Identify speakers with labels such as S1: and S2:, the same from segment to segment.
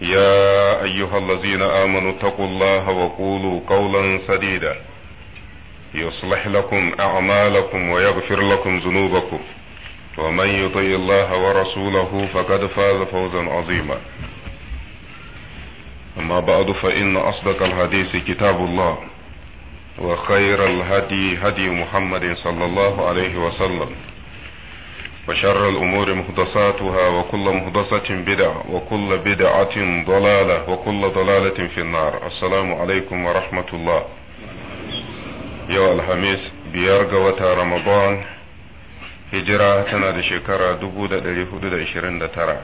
S1: يا ايها الذين امنوا اتقوا الله وقولوا قولا سديدا يصلح لكم اعمالكم ويغفر لكم ذنوبكم ومن يطع الله ورسوله فقد فاز فوزا عظيما اما بعد فان اصدق الحديث كتاب الله وخير الهدي هدي محمد صلى الله عليه وسلم وشر الأمور محدثاتها وكل محدثة بدعة وكل بدعة ضلالة وكل ضلالة في النار السلام عليكم ورحمة الله يا الخميس بيارغ وتا رمضان هجرة تنا شكرا دبو دا دلي حدود عشرين دا ترى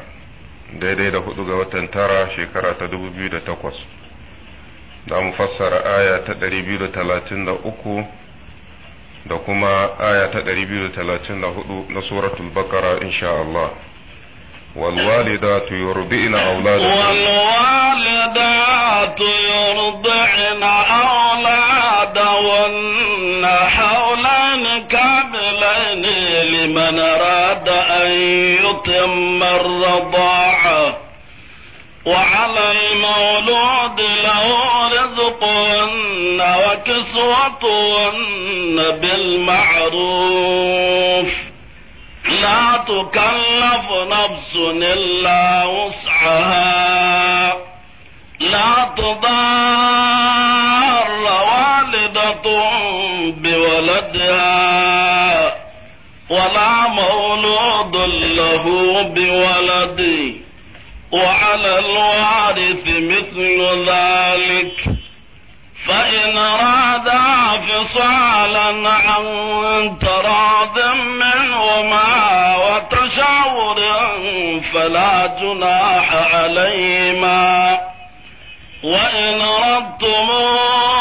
S1: daidai da hudu ga watan tara shekara ta dubu biyu da takwas da mu fassara aya ta ɗari biyu da talatin da uku da kuma aya ta 234 na suratul bakara insha Allah والوالدات يرضعن أولادهن
S2: والوالدات يرضعن أولادهن حولين كاملين لمن أراد أن يتم الرضاعة وعلى المولود له رزقهن وكسوتهن بالمعروف لا تكلف نفس إلا وسعها لا تضار والدة بولدها ولا مولود له بولده وعلى الوارث مثل ذلك فإن رادا فصالا عن تراض منهما وتشاور فلا جناح عليهما وإن ردتموه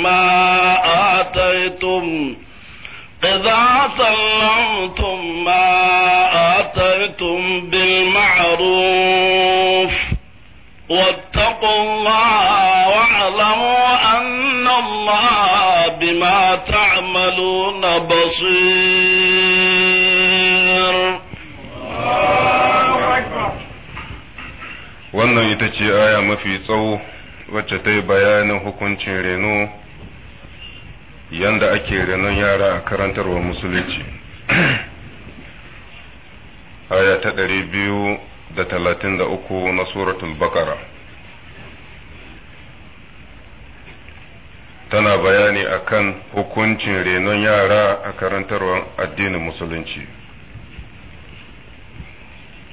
S2: مما آتيتم إذا سلمتم ما آتيتم بالمعروف واتقوا الله واعلموا أن الله بما تعملون بصير
S1: wannan ita ce aya mafi tsawo wacce ta yi bayanin hukuncin reno yanda ake renon yara a karantarwa musulunci aya ta ɗari biyu da talatin da uku na suratul bakara tana bayani akan hukuncin renon yara a karantarwar addinin musulunci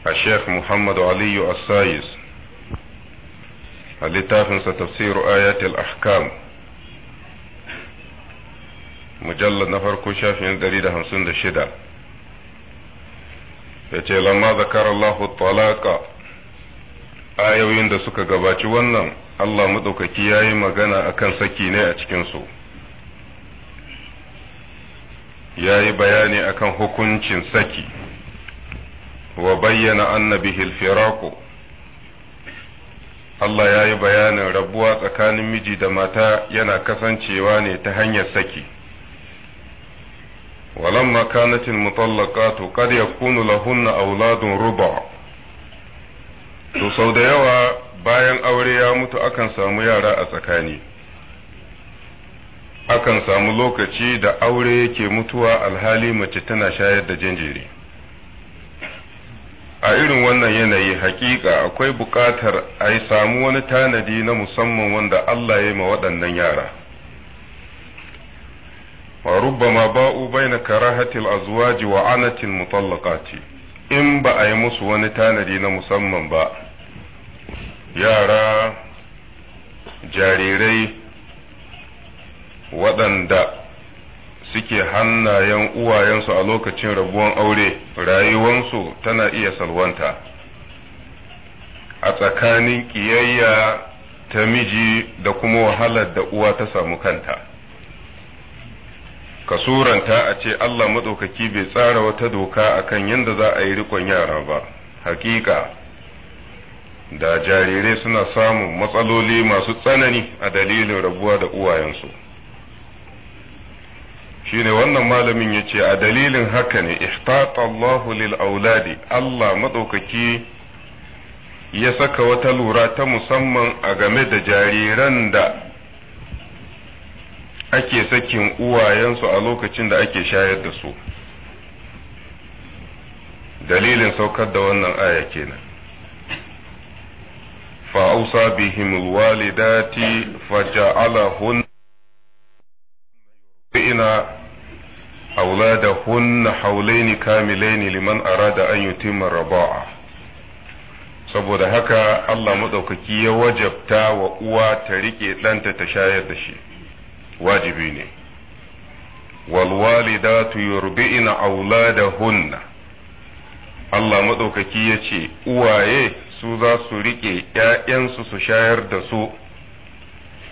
S1: a sheikh muhammadu aliyu assayis a littafinsa tafsiru ayatul ahkam mujallar na farko shafin 156 ya ce lamma zakar Allahu talaka ayoyin da suka gabaci wannan Allah maɗaukaki ya yi magana akan saki ne a cikinsu ya yi bayani akan hukuncin saki wa bayyana annabihil firaku Allah ya yi bayanin rabuwa tsakanin miji da mata yana kasancewa ne ta hanyar saki. ولما كانت المطلقات قد يكون لهن أولاد ربع to sau da yawa bayan aure ya mutu akan samu yara a tsakani akan samu lokaci da aure yake mutuwa alhali mace tana shayar da jinjiri a irin wannan yanayi hakika akwai buƙatar a yi samu wani tanadi na musamman wanda Allah ya yi ma waɗannan yara فربما باءوا بين كراهة الأزواج وعنة المطلقات in ba a yi musu wani tanadi na musamman ba yara jarirai waɗanda suke hannayen uwayensu a lokacin rabuwan aure rayuwansu tana iya salwanta a tsakanin ƙiyayya ta miji da kuma wahalar da uwa ta samu kanta ka suranta a ce Allah maɗaukaki bai tsara wata doka akan yadda za a yi rikon yara ba hakika da jarirai suna samun matsaloli masu tsanani a dalilin rabuwa da uwayensu shine wannan malamin ya ce a dalilin haka ne ihtatallahu lil auladi Allah maɗaukaki ya saka wata lura ta musamman a game da jariran da ake sakin uwayensu a lokacin da ake shayar da su dalilin saukar da wannan aya kenan fa'ausa bihim alwalidati faja'alahun ina auladahun haulaini kamilaini liman arada an yutimma raba'a saboda haka Allah maɗaukaki ya wajabta wa uwa ta riƙe ɗanta ta shayar da shi wajibi ne walwalidatu yurbi'ina auladahunna Allah madaukaki ya ce uwaye su za su riƙe ‘ya'yansu su shayar da su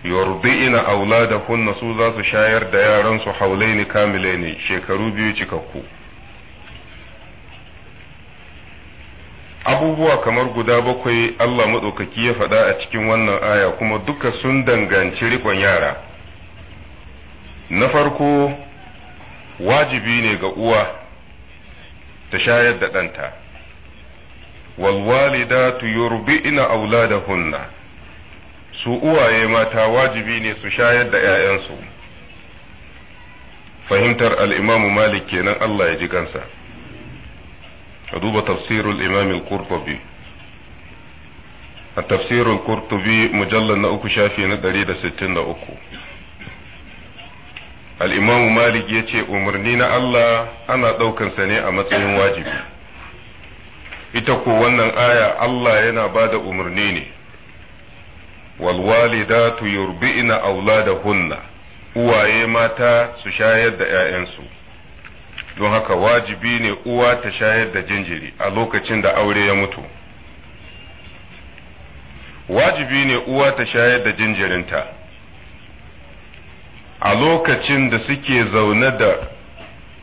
S1: yurbi'ina auladahunna su za su shayar da yaransu haulaini kamilaini shekaru biyu cikakku abubuwa kamar guda bakwai Allah maɗaukaki ya faɗa a cikin wannan aya kuma duka sun danganci rikon yara na farko wajibi ne ga uwa ta shayar da ɗanta walwalidatu yurbi'na auladahunna su uwaye mata wajibi ne su shayar da 'ya'yansu
S2: fahimtar al'imamu malik
S1: kenan Allah ya ji kansa A duba tafsirul imam al-qurtubi a tafsirin qurtubi mujallal na uku shafi na al'imamu malik ya ce umarni na Allah ana ɗaukansa ne a matsayin wajibi ita ko wannan aya Allah yana ba da umarni ne walwalidatu yurbi'na auladahunna uwaye mata su shayar da ‘ya'yansu don haka wajibi ne uwa ta shayar da jinjiri a lokacin da aure ya mutu wajibi ne uwa ta shayar da jinjirinta a lokacin da suke zaune da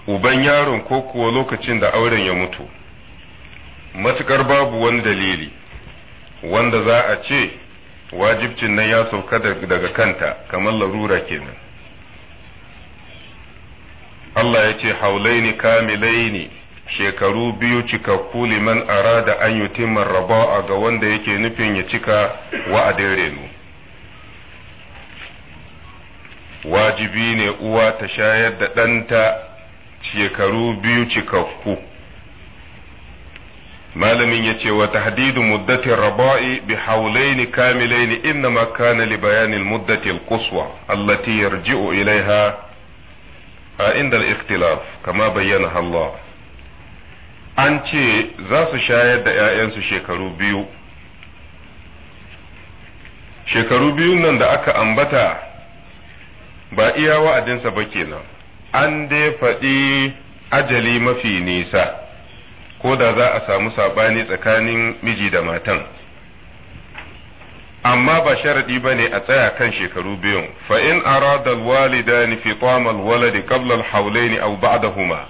S1: uban yaron ko kuwa lokacin da auren ya mutu matuƙar babu wani dalili wanda za a ce wajibcin nan ya sauka daga kanta kamar larura kenan Allah ya ce haulaini kamilaini shekaru biyu cikakku liman arada an timar raba'a ga wanda yake nufin ya cika wa'adin reno wajibi ne uwa ta shayar da ɗanta shekaru biyu cikakku malamin ya ce wa tahdidu muddatin raba'i bi haulaini kamilaini inna kana li muddatin muddatil quswa allati yarji'u ilaiha a inda al-ikhtilaf kama bayyana Allah an ce za su shayar da 'ya'yansu shekaru biyu shekaru biyun nan da aka ambata ba iya wa'adinsa ba kenan an dai faɗi ajali mafi nisa ko da za a samu saɓani tsakanin miji da matan amma ba sharaɗi ba ne a tsaya kan shekaru biyun fa'in aradal walida ni fi tsamal waladi kablal haulaini au huma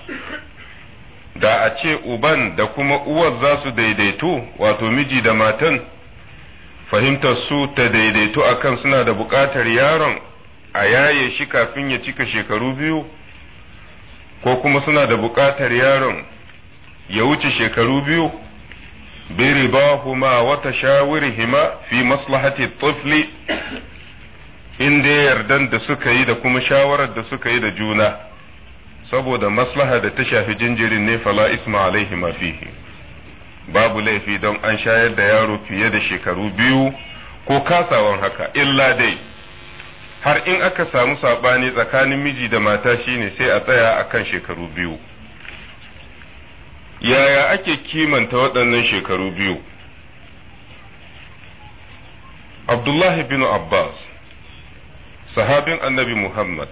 S1: da a ce uban da kuma uwar za su daidaitu wato miji da matan fahimtar su ta daidaitu kan suna da buƙatar yaron a yaye shi kafin ya cika shekaru biyu ko kuma suna da buƙatar yaron ya wuce shekaru biyu wata wa tashawirihima fi maslahati tufli in dai yardan da suka yi da kuma shawarar da suka yi da juna saboda maslaha da ta shafi jinjirin ne fala isma ma fihi babu laifi don an shayar da yaro fiye da shekaru biyu ko kasawan haka illa dai har in aka samu saɓani tsakanin miji da mata shine sai a tsaya a kan shekaru biyu yaya ake kimanta waɗannan shekaru biyu abdullahi bin abbas sahabin annabi muhammad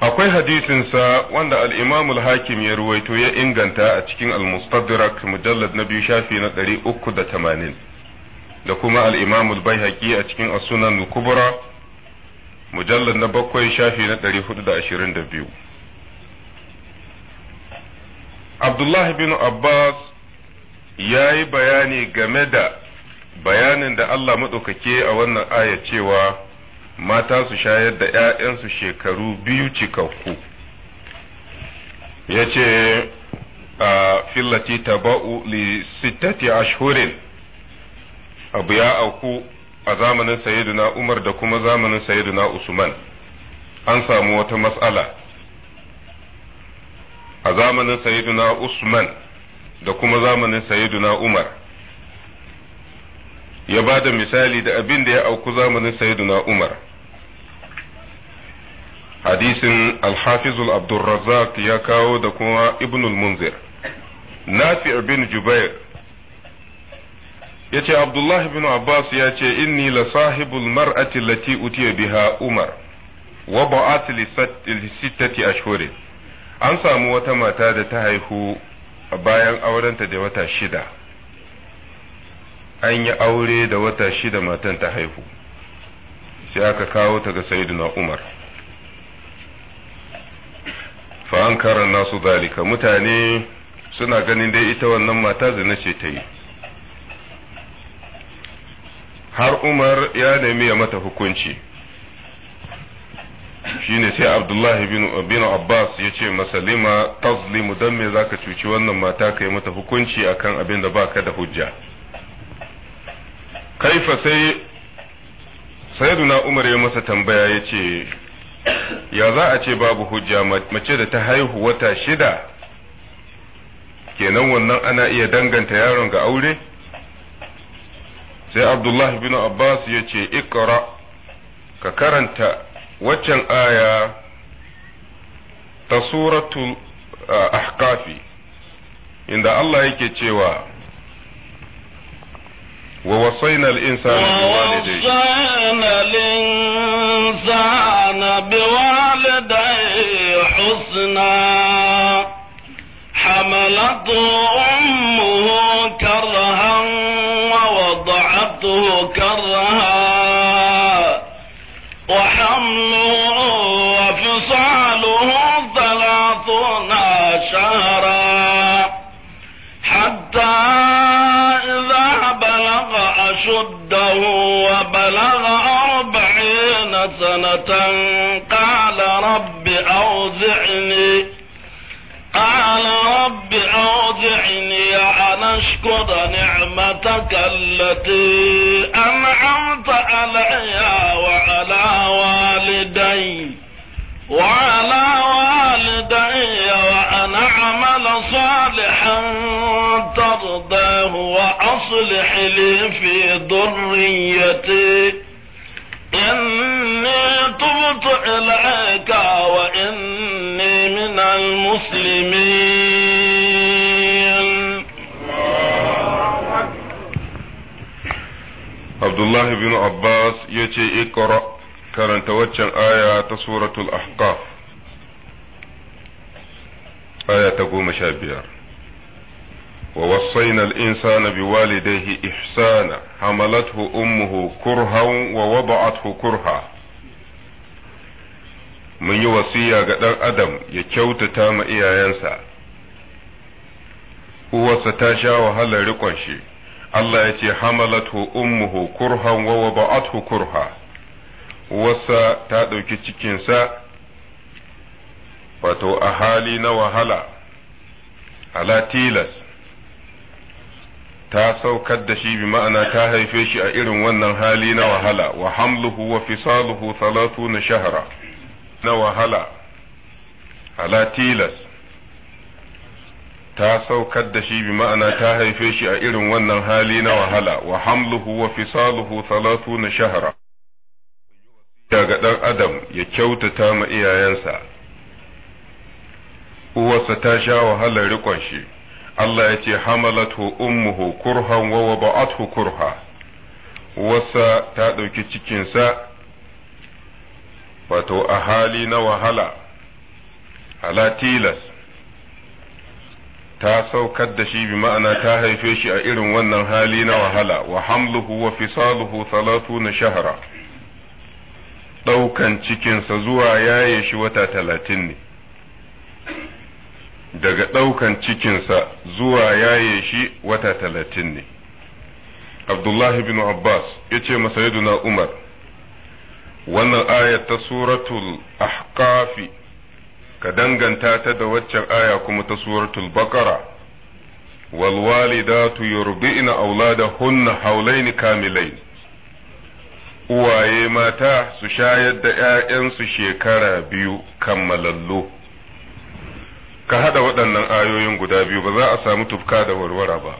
S1: akwai hadisinsa wanda al'imamul hakim ya ruwaito ya inganta a cikin al-mustadrak mujallad na biyu shafi na ɗari uku da tamanin da kuma al-Imam al a cikin As-Sunan al-Kubra na bakwai shafi na 422 Abdullah bin Abbas ya yi bayani game da bayanin da Allah maɗaukake a wannan aya cewa mata su shayar da ‘ya'yansu shekaru biyu cikakku, ya ce a fillati taba'u li sittati ashhurin abu ya auku a zamanin sayyiduna Umar da kuma zamanin sayyiduna Usman an samu wata matsala a zamanin sayyiduna Usman da kuma zamanin sayyiduna Umar ya ba da misali da abin da ya auku zamanin sayyiduna Umar hadisin alhafizul abdulrazak ya kawo da kuma ibnul munzir nafi bin jubair Ya ce Abdullah bin Abbas ya ce inni la sahibul mar'ati lati utiya biha Umar wa ba'at li sittati ashhur an samu wata mata da ta haihu bayan aurenta da wata shida an yi aure da wata shida matan ta haihu sai aka kawo ta ga sayyidina Umar fa an nasu zalika mutane suna ganin dai ita wannan mata zina ce ta yi har Umar ya nemi ya mata hukunci shine sai Abdullahi bin Abbas ya ce masalima tazlimu dan me zaka cuci wannan mata ka yi mata hukunci akan abin da baka da hujja kaifa sai sayyiduna Umar ya masa tambaya ya ce ya za a ce babu hujja mace da ta haihu wata shida kenan wannan ana iya danganta yaron ga aure sai abdullahi bin abbas ya ce ikra ka karanta waccan aya ta suratul ahkafi inda Allah yake cewa wa wasaina al-insana biwalidayhi
S2: husna حملت أمه كرها ووضعته كرها وحمله وفصاله ثلاثون شهرا حتى إذا بلغ أشده وبلغ أربعين سنة قال أشكر نعمتك التي أنعمت علي وعلى والدي وعلى والدي وأن أعمل صالحا ترضاه وأصلح لي في ذريتي إني تبت إليك وإني من المسلمين
S1: Abdullahi bin Abbas ya ce ikra karanta waccan aya ta suratul ahqaf aya ta goma sha biyar wa wasaina al-insana biwalidayhi ihsana hamalathu ummuhu kurhan wa wada'athu kurha mun yi wasiya ga ɗan adam ya kyautata ma iyayensa uwarsa ta sha wahalar riƙon shi Allah ya ce hamalatu ummuhu kurhan wa wada'athu kurha wasa ta ɗauki cikinsa wato a hali na wahala ala tilas ta saukar da shi bi ma'ana ta haife shi a irin wannan hali na wahala wa hamluhu wa fisaluhu talatu na shahara na wahala ala tilas ta saukar da shi bi ma'ana ta haife shi a irin wannan hali na wahala wa hamluhu wa fisaluhu salatu na shahara daga ɗan adam ya kyautata ma iyayensa uwarsa ta sha wahalar riƙon shi Allah ya ce hamalatu ummuhu kurhan wa wada'athu kurha uwarsa ta ɗauki cikinsa wato a hali na wahala ala tilas ta saukar da shi bi ma'ana ta haife shi a irin wannan hali na wahala wa hamluhu wa fisaluhu salatu na shahara ɗaukan cikinsa zuwa yaye shi wata talatin ne daga ɗaukan cikinsa zuwa yaye shi wata talatin ne abdullahi bin abbas ya ce masa umar wannan ayat ta suratul ahkafi ka danganta ta da waccan aya kuma ta suratul baqara wal walidatu yurbi'na auladahunna haulaini kamilain uwaye mata su shayar da ‘ya'yansu shekara biyu kammalallo, ka haɗa waɗannan ayoyin guda biyu ba za a samu tufka da warwara ba.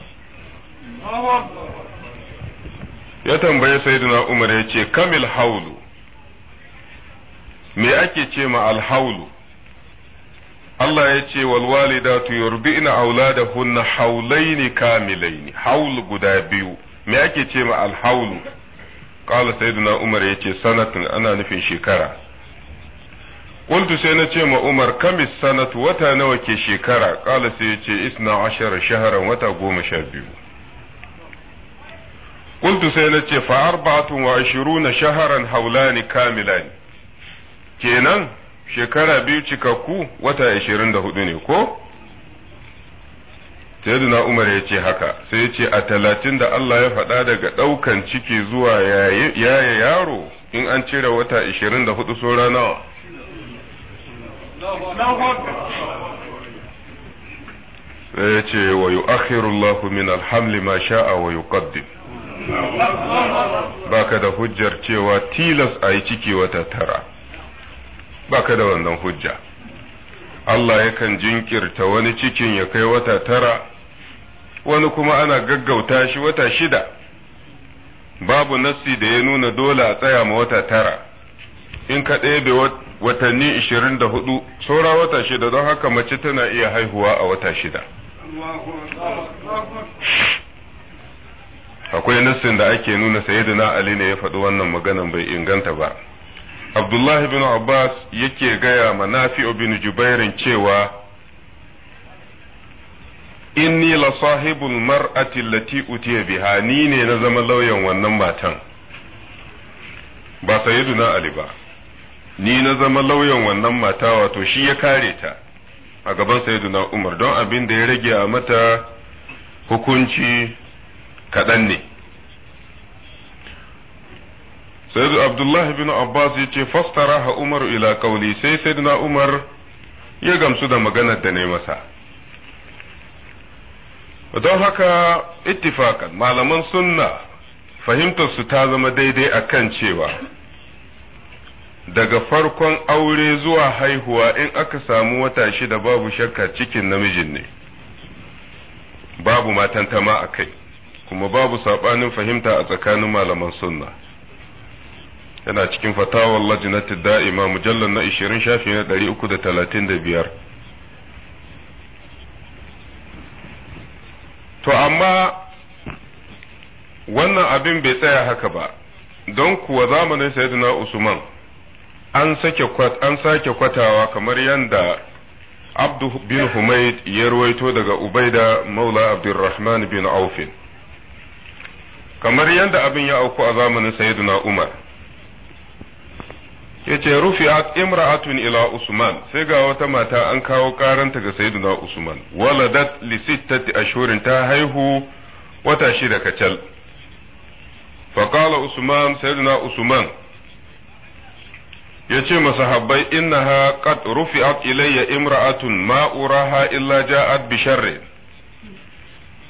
S1: Ya tambaye Sayyidina Umar ya ce, Kamil haulu, me ake ce ma alhaulu? Allah ya ce tu yurbi ina aulada hunna haulaini kamilaini haul guda biyu me ake ce ma al haulu qala sayyiduna umar ya ce sanatun ana nufin shekara qultu sai na ce ma umar kamis sanatu wata nawa ke shekara qala sai ce isna ashara shahran wata goma sha biyu qultu sai na ce fa arba'atun wa ashiruna shahran haulani kamilani kenan shekara biyu cikakku wata ashirin da hudu ne ko sayyiduna umar ya ce haka sai ya ce a talatin da Allah ya faɗa daga ɗaukan ciki zuwa yaya yaro in an cire wata ashirin da hudu saura nawa sai ya ce wa Akhirun Allahu min alhamli ma sha'a wa yuqaddim baka da hujjar cewa tilas a yi ciki wata tara baka da wannan hujja Allah yakan jinkirta wani cikin ya kai wata tara wani kuma ana gaggauta shi wata shida babu nassi da ya nuna dole a tsaya ma wata tara in ka ɗebe watanni ishirin da hudu saura wata shida don haka mace tana iya haihuwa a wata shida akwai nassin da ake nuna sayyidina ali ne ya faɗi wannan maganan bai inganta ba Abdullahi bin Abbas yake gaya ma Nafi'u bin Jubairin cewa inni la sahibul mar'ati allati utiya biha ni ne na zama lauyan wannan matan ba sayyiduna Ali ba ni na zama lauyan wannan mata wato shi ya kare ta a gaban sayyiduna Umar don abin da ya rage a mata hukunci kaɗan ne sai abdullah bin abbas ya ce ha umar ila kauli sai sayyidina umar ya gamsu da maganar da ne masa don haka ittifaqan malaman sunna fahimtar su ta zama daidai akan cewa daga farkon aure zuwa haihuwa in aka samu wata shida babu shakka cikin namijin ne babu matantama a kai kuma babu saɓanin fahimta a tsakanin malaman sunna yana cikin fatawar lajinati da'ima mujallar na 20 shafi na 335 to amma wannan abin bai tsaya haka ba don kuwa zamanin sayyidina usman an sake an sake kwatawa kamar yadda abdu bin humaid ya ruwaito daga ubaida maula abdurrahman bin aufin kamar yadda abin ya auku a zamanin sayyidina umar yace rufi'at imra'atun ila usman sai ga wata mata an kawo karanta ga sayyiduna usman waladat li sittati ashhurin ta haihu wata shida kacal فقال usman سيدنا usman ya yace masahabbai innaha qad rufi'at ilayya imra'atun ma uraha illa ja'at bi bisharre.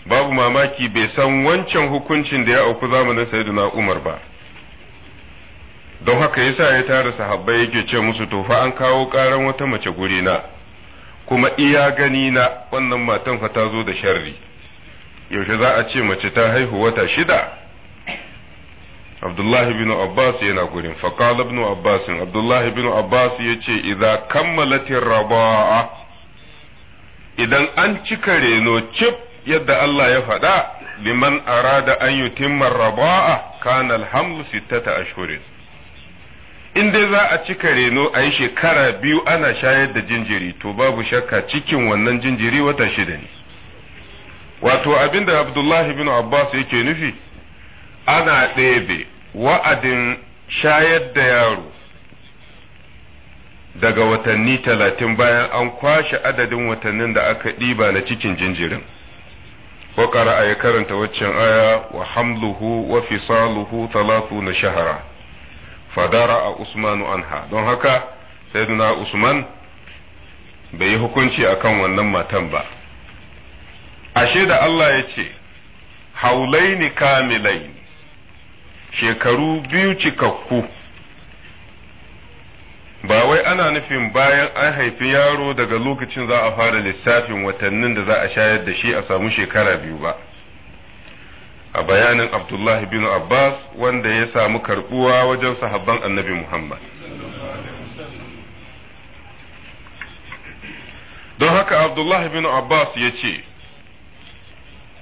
S1: babu mamaki bai san wancan hukuncin da ya auku zamanin saiduna Umar ba don haka yasa ya tara sahabbai yake ce musu to fa an kawo karan wata mace guri na kuma iya gani na wannan matan fa ta zo da sharri yaushe za a ce mace ta haihu wata shida Abdullahi bin Abbas yana gurin faqala ibn Abbas Abdullahi bin Abbas yace idza kammalat rabaa idan an cika reno cif yadda Allah ya faɗa liman arada an yutimma rabaa kana alhamlu sittata ashhurin in dai za a cika reno a yi shekara biyu ana shayar da jinjiri to babu shakka cikin wannan jinjiri wata shida ne wato abinda abdullahi bin abbas yake nufi ana ɗebe wa'adin shayar da yaro daga watanni talatin bayan an kwashe adadin watannin da aka ɗiba na cikin jinjirin wa a ya karanta waccan aya wa hamluhu wa fisaluhu talatu na shahara fadara a usmanu anha don haka sayyidina usman bai yi hukunci a kan wannan matan ba ashe da Allah ya ce haulaini kamilaini shekaru biyu cikakku ba wai ana nufin bayan an haifi yaro daga lokacin za a fara lissafin watannin da za a shayar da shi a samu shekara biyu ba a bayanin Abdullahi bin Abbas wanda ya samu karbuwa wajen sahabban annabi Muhammad. Don haka Abdullahi bin Abbas ya ce,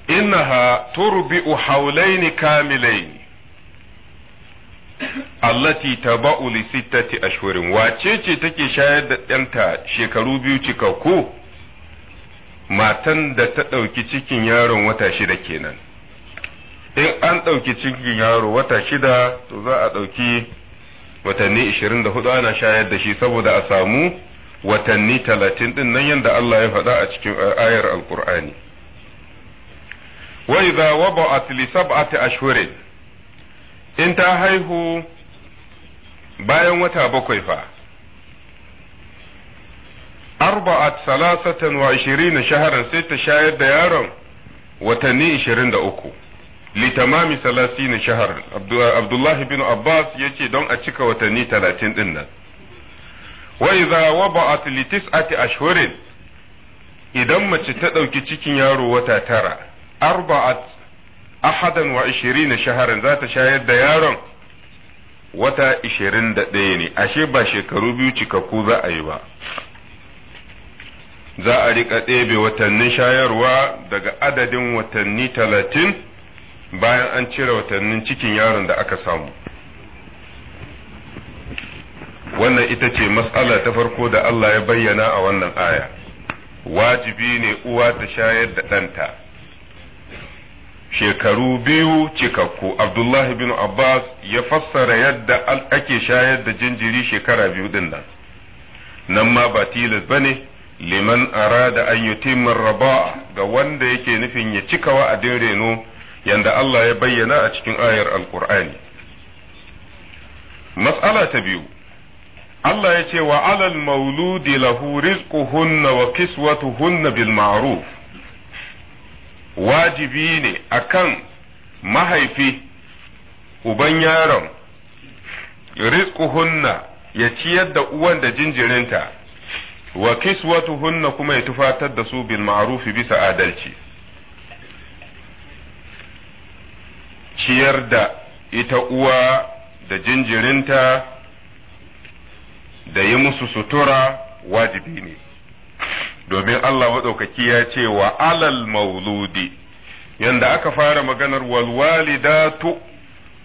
S1: Innaha turbi'u haulaini kamilaini allati taba'u li sittati ashhurin wace ce take shayar da ɗanta shekaru biyu cikakku matan da ta ɗauki cikin yaron wata shida kenan in an ɗauki cikin yaro wata shida to za a ɗauki watanni ishirin da hudu ana shayar da shi saboda a samu watanni talatin ɗin nan yadda Allah ya faɗa a cikin ayar alkur'ani wa za waba a sab'ati ashhurin in ta haihu bayan wata bakwai fa arba'at salasatan wa da shaharan sai ta shayar da yaron watanni ishirin da uku litamami salasi na shahar abdullahi bin abbas ya ce don a cika watanni talatin din nan wa iza waba'at li tis'ati ashhurin idan mace ta ɗauki cikin yaro wata tara a ahadan wa ishirina shaharan za ta shayar da yaron wata ishirin da ɗaya ne ashe ba shekaru biyu cikakku za a yi ba za a riƙa ɗebe watannin shayarwa daga adadin watanni talatin bayan an cire watannin cikin yaron da aka samu wannan ita ce matsala ta farko da Allah ya bayyana a wannan aya wajibi ne uwa ta shayar da ɗanta shekaru biyu cikakku abdullahi bin abbas ya fassara yadda ake shayar da jinjiri shekara biyu din nan nan ma ba tilas ba ne liman arada an timar raba ga wanda yake nufin ya cika wa'adin reno yanda Allah ya bayyana a cikin ayar alkur'ani matsala ta biyu Allah ya ce wa alal mauludi lahu rizquhunna wa kiswatuhunna bil ma'ruf wajibi ne akan mahaifi uban yaron rizquhunna ya ciyar da uwan da jinjirinta wa kiswatuhunna kuma ya tufatar da su bil ma'rufi bisa adalci ciyar da ita uwa da jinjirinta da yi musu sutura wajibi ne domin Allah maɗaukaki ya ce wa alal mauludi yanda aka fara maganar walwalidatu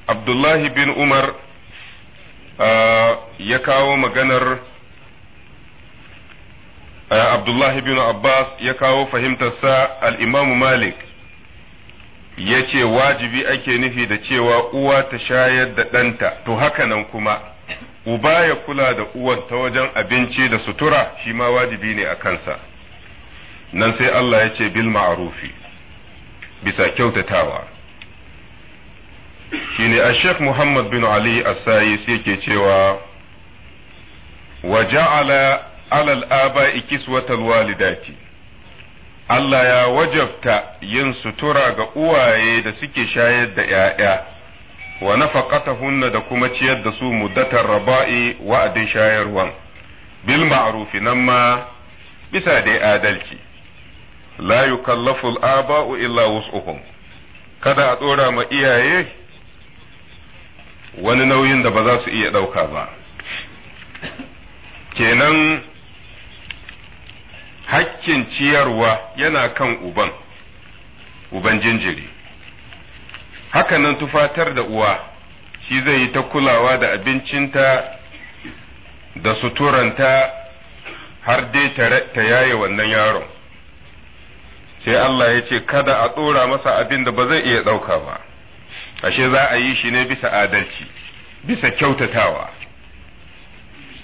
S1: Abdullahi bin Umar ya kawo maganar Abdullahi bin Abbas ya kawo fahimtarsa al'imamu Malik ya ce wajibi ake nufi da cewa uwa ta shayar da ɗanta to haka nan kuma uba ya kula da uwan ta wajen abinci da sutura shi ma wajibi ne a kansa nan sai Allah ya ce bil ma'arufi bisa kyautatawa shine shek Muhammad bin Ali as sai ke cewa wa ala alal ikis kiswatal walidati Allah ya wajabta yin sutura ga uwaye da suke shayar da ‘ya'ya, wa nafaqatahunna da kuma ciyar da su muddatar raba'i wa'adin shayarwan, bil ma'arufi nan ma bisa dai adalci. La yukallafu aba’u illa wus'uhum kada a ɗora ma iyaye wani nauyin da ba za su iya ɗauka ba. Kenan hakkin ciyarwa yana kan uban uban jinjiri hakanan tufatar da uwa shi zai yi ta kulawa da abincinta da suturanta har dai ta yaye wannan yaron sai Allah ya ce kada a ɗora masa abin da ba zai iya ɗauka ba ashe za a yi shi ne bisa adalci bisa kyautatawa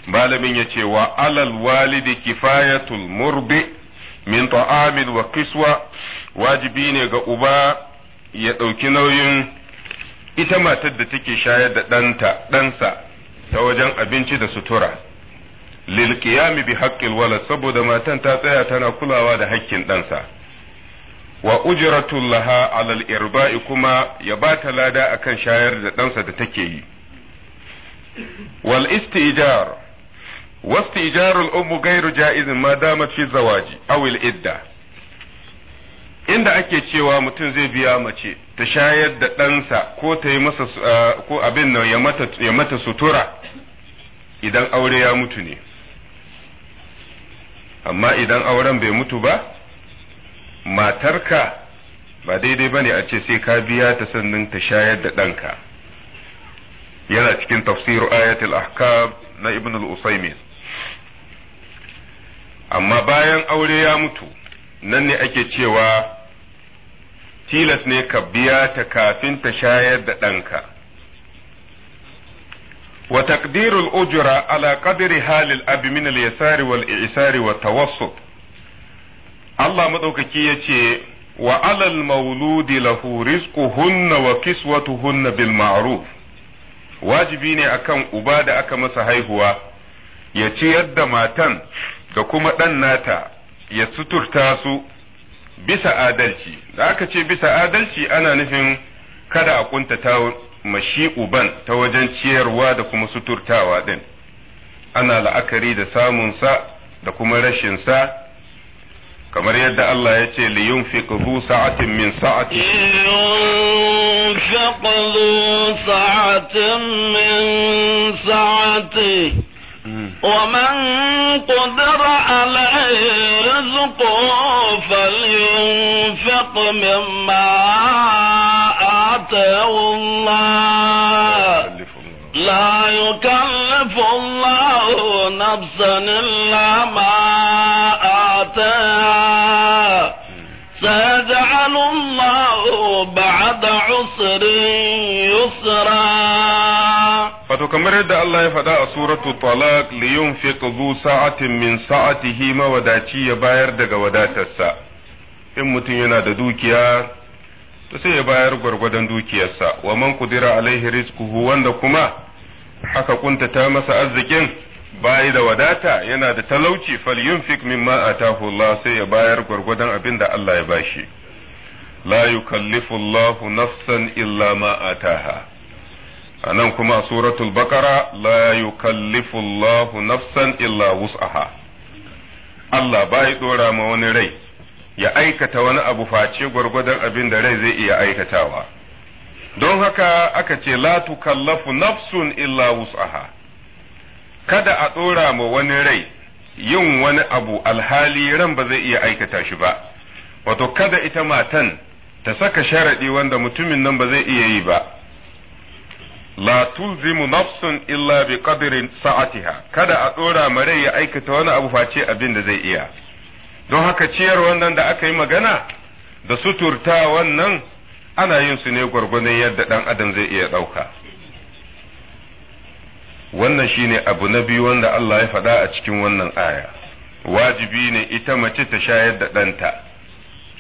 S1: malamin ya ce wa alal walidi kifayatul murbi min ta'amil wa kiswa wajibi ne ga uba ya ɗauki nauyin ita matar da take shayar da ɗanta ɗansa ta wajen abinci da sutura lil qiyami bi haqqil walad saboda matan ta tsaya tana kulawa da haƙƙin ɗansa wa ujratul laha alal irba'i kuma ya bata lada akan shayar da ɗansa da take yi wal istijar واستئجار الأم غير جائز ما دامت في الزواج أو الإدة inda ake cewa mutum zai biya mace ta shayar da ɗansa ko ta yi masa ah, ko abin nan ya mata sutura idan aure ya mutu ne amma idan auren bai mutu ba matarka ba daidai ba ne a ce sai ka biya ta sannan ta shayar da ɗanka yana cikin tafsir ayatul ahkam na ibn al-usaymin amma bayan aure ya mutu nan ne ake cewa tilas ne ka biya ta kafin ta shayar da ɗanka wa taqdirul ujra ala qadri halil abi min al-yasari wal i'sari wa tawassut Allah madaukaki yace wa alal mauludi lahu rizquhunna wa kiswatuhunna bil ma'ruf wajibi ne akan uba da aka masa haihuwa ya ciyar da matan da kuma ɗan nata ya suturta su bisa adalci da aka ce bisa adalci ana nufin kada a ta mashi uban ta wajen ciyarwa da kuma suturtawa ɗin ana la'akari da samunsa da kuma rashinsa kamar yadda Allah ya ce li fi zu sa'atin min sa'ati sa'atin min
S2: sa'ati ومن قدر عليه رزقه فلينفق مما آتاه الله لا يكلف الله نفسا إلا ما آتاها سيجعل الله بعد عسر يسرا
S1: wato kamar yadda Allah ya faɗa a suratul talaq li yunfiq zu sa'atin min sa'atihi mawadaci ya bayar daga wadatarsa in mutum yana da dukiya to sai ya bayar gwargwadon dukiyarsa wa man qudira alaihi rizquhu wanda kuma aka kuntata masa arzikin bayi da wadata yana da talauci yunfiq mimma atahu Allah sai ya bayar gwargwadon abin da Allah ya bashi la yukallifu Allahu nafsan illa ma ataha a nan kuma a suratul bakara la yukallifu Allahu nafsan illa wus'aha Allah ba ya dora ma wani rai ya aikata wani abu face gwargwadon abin da rai zai iya aikatawa don haka aka ce la tukallafu nafsun illa wus'aha kada a dora ma wani rai yin wani abu alhali ran ba zai iya aikata shi ba wato kada ita matan ta saka sharadi wanda mutumin nan ba zai iya yi ba la tulzimu nafsun illa bi qadrin sa'atiha kada a dora mare ya aikata wani abu face abin da zai iya don haka ciyar wannan da aka yi magana da suturta wannan ana yin su ne gwargwadon yadda dan adam zai iya dauka wannan shine abu na biyu wanda Allah ya faɗa a cikin wannan aya wajibi ne ita mace ta shayar da ɗanta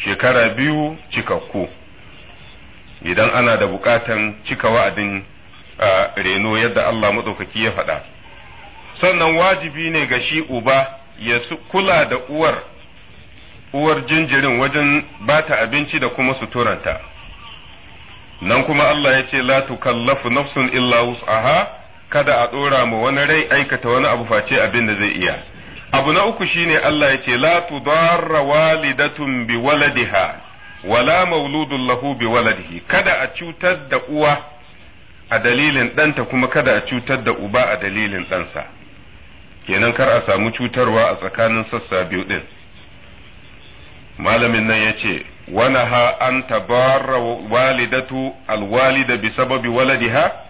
S1: shekara biyu cikakku idan ana da bukatan cika wa'adin reno yadda Allah maɗaukaki ya faɗa sannan wajibi ne ga shi uba ya kula da uwar uwar jinjirin wajen bata abinci da kuma suturanta nan kuma Allah ya ce la tukallafu nafsun illa wus'aha kada a ɗora ma wani rai aikata wani abu face abin da zai iya abu na uku shine Allah ya ce la tudarra walidatun bi waladiha wala mauludun lahu bi waladihi kada a cutar da uwa a dalilin ɗanta kuma kada a cutar da uba a dalilin ɗansa kenan kar a samu cutarwa a tsakanin sassa biyu ɗin malamin nan ya ce wanaha an tabarra walidatu alwalida bi sababi waladiha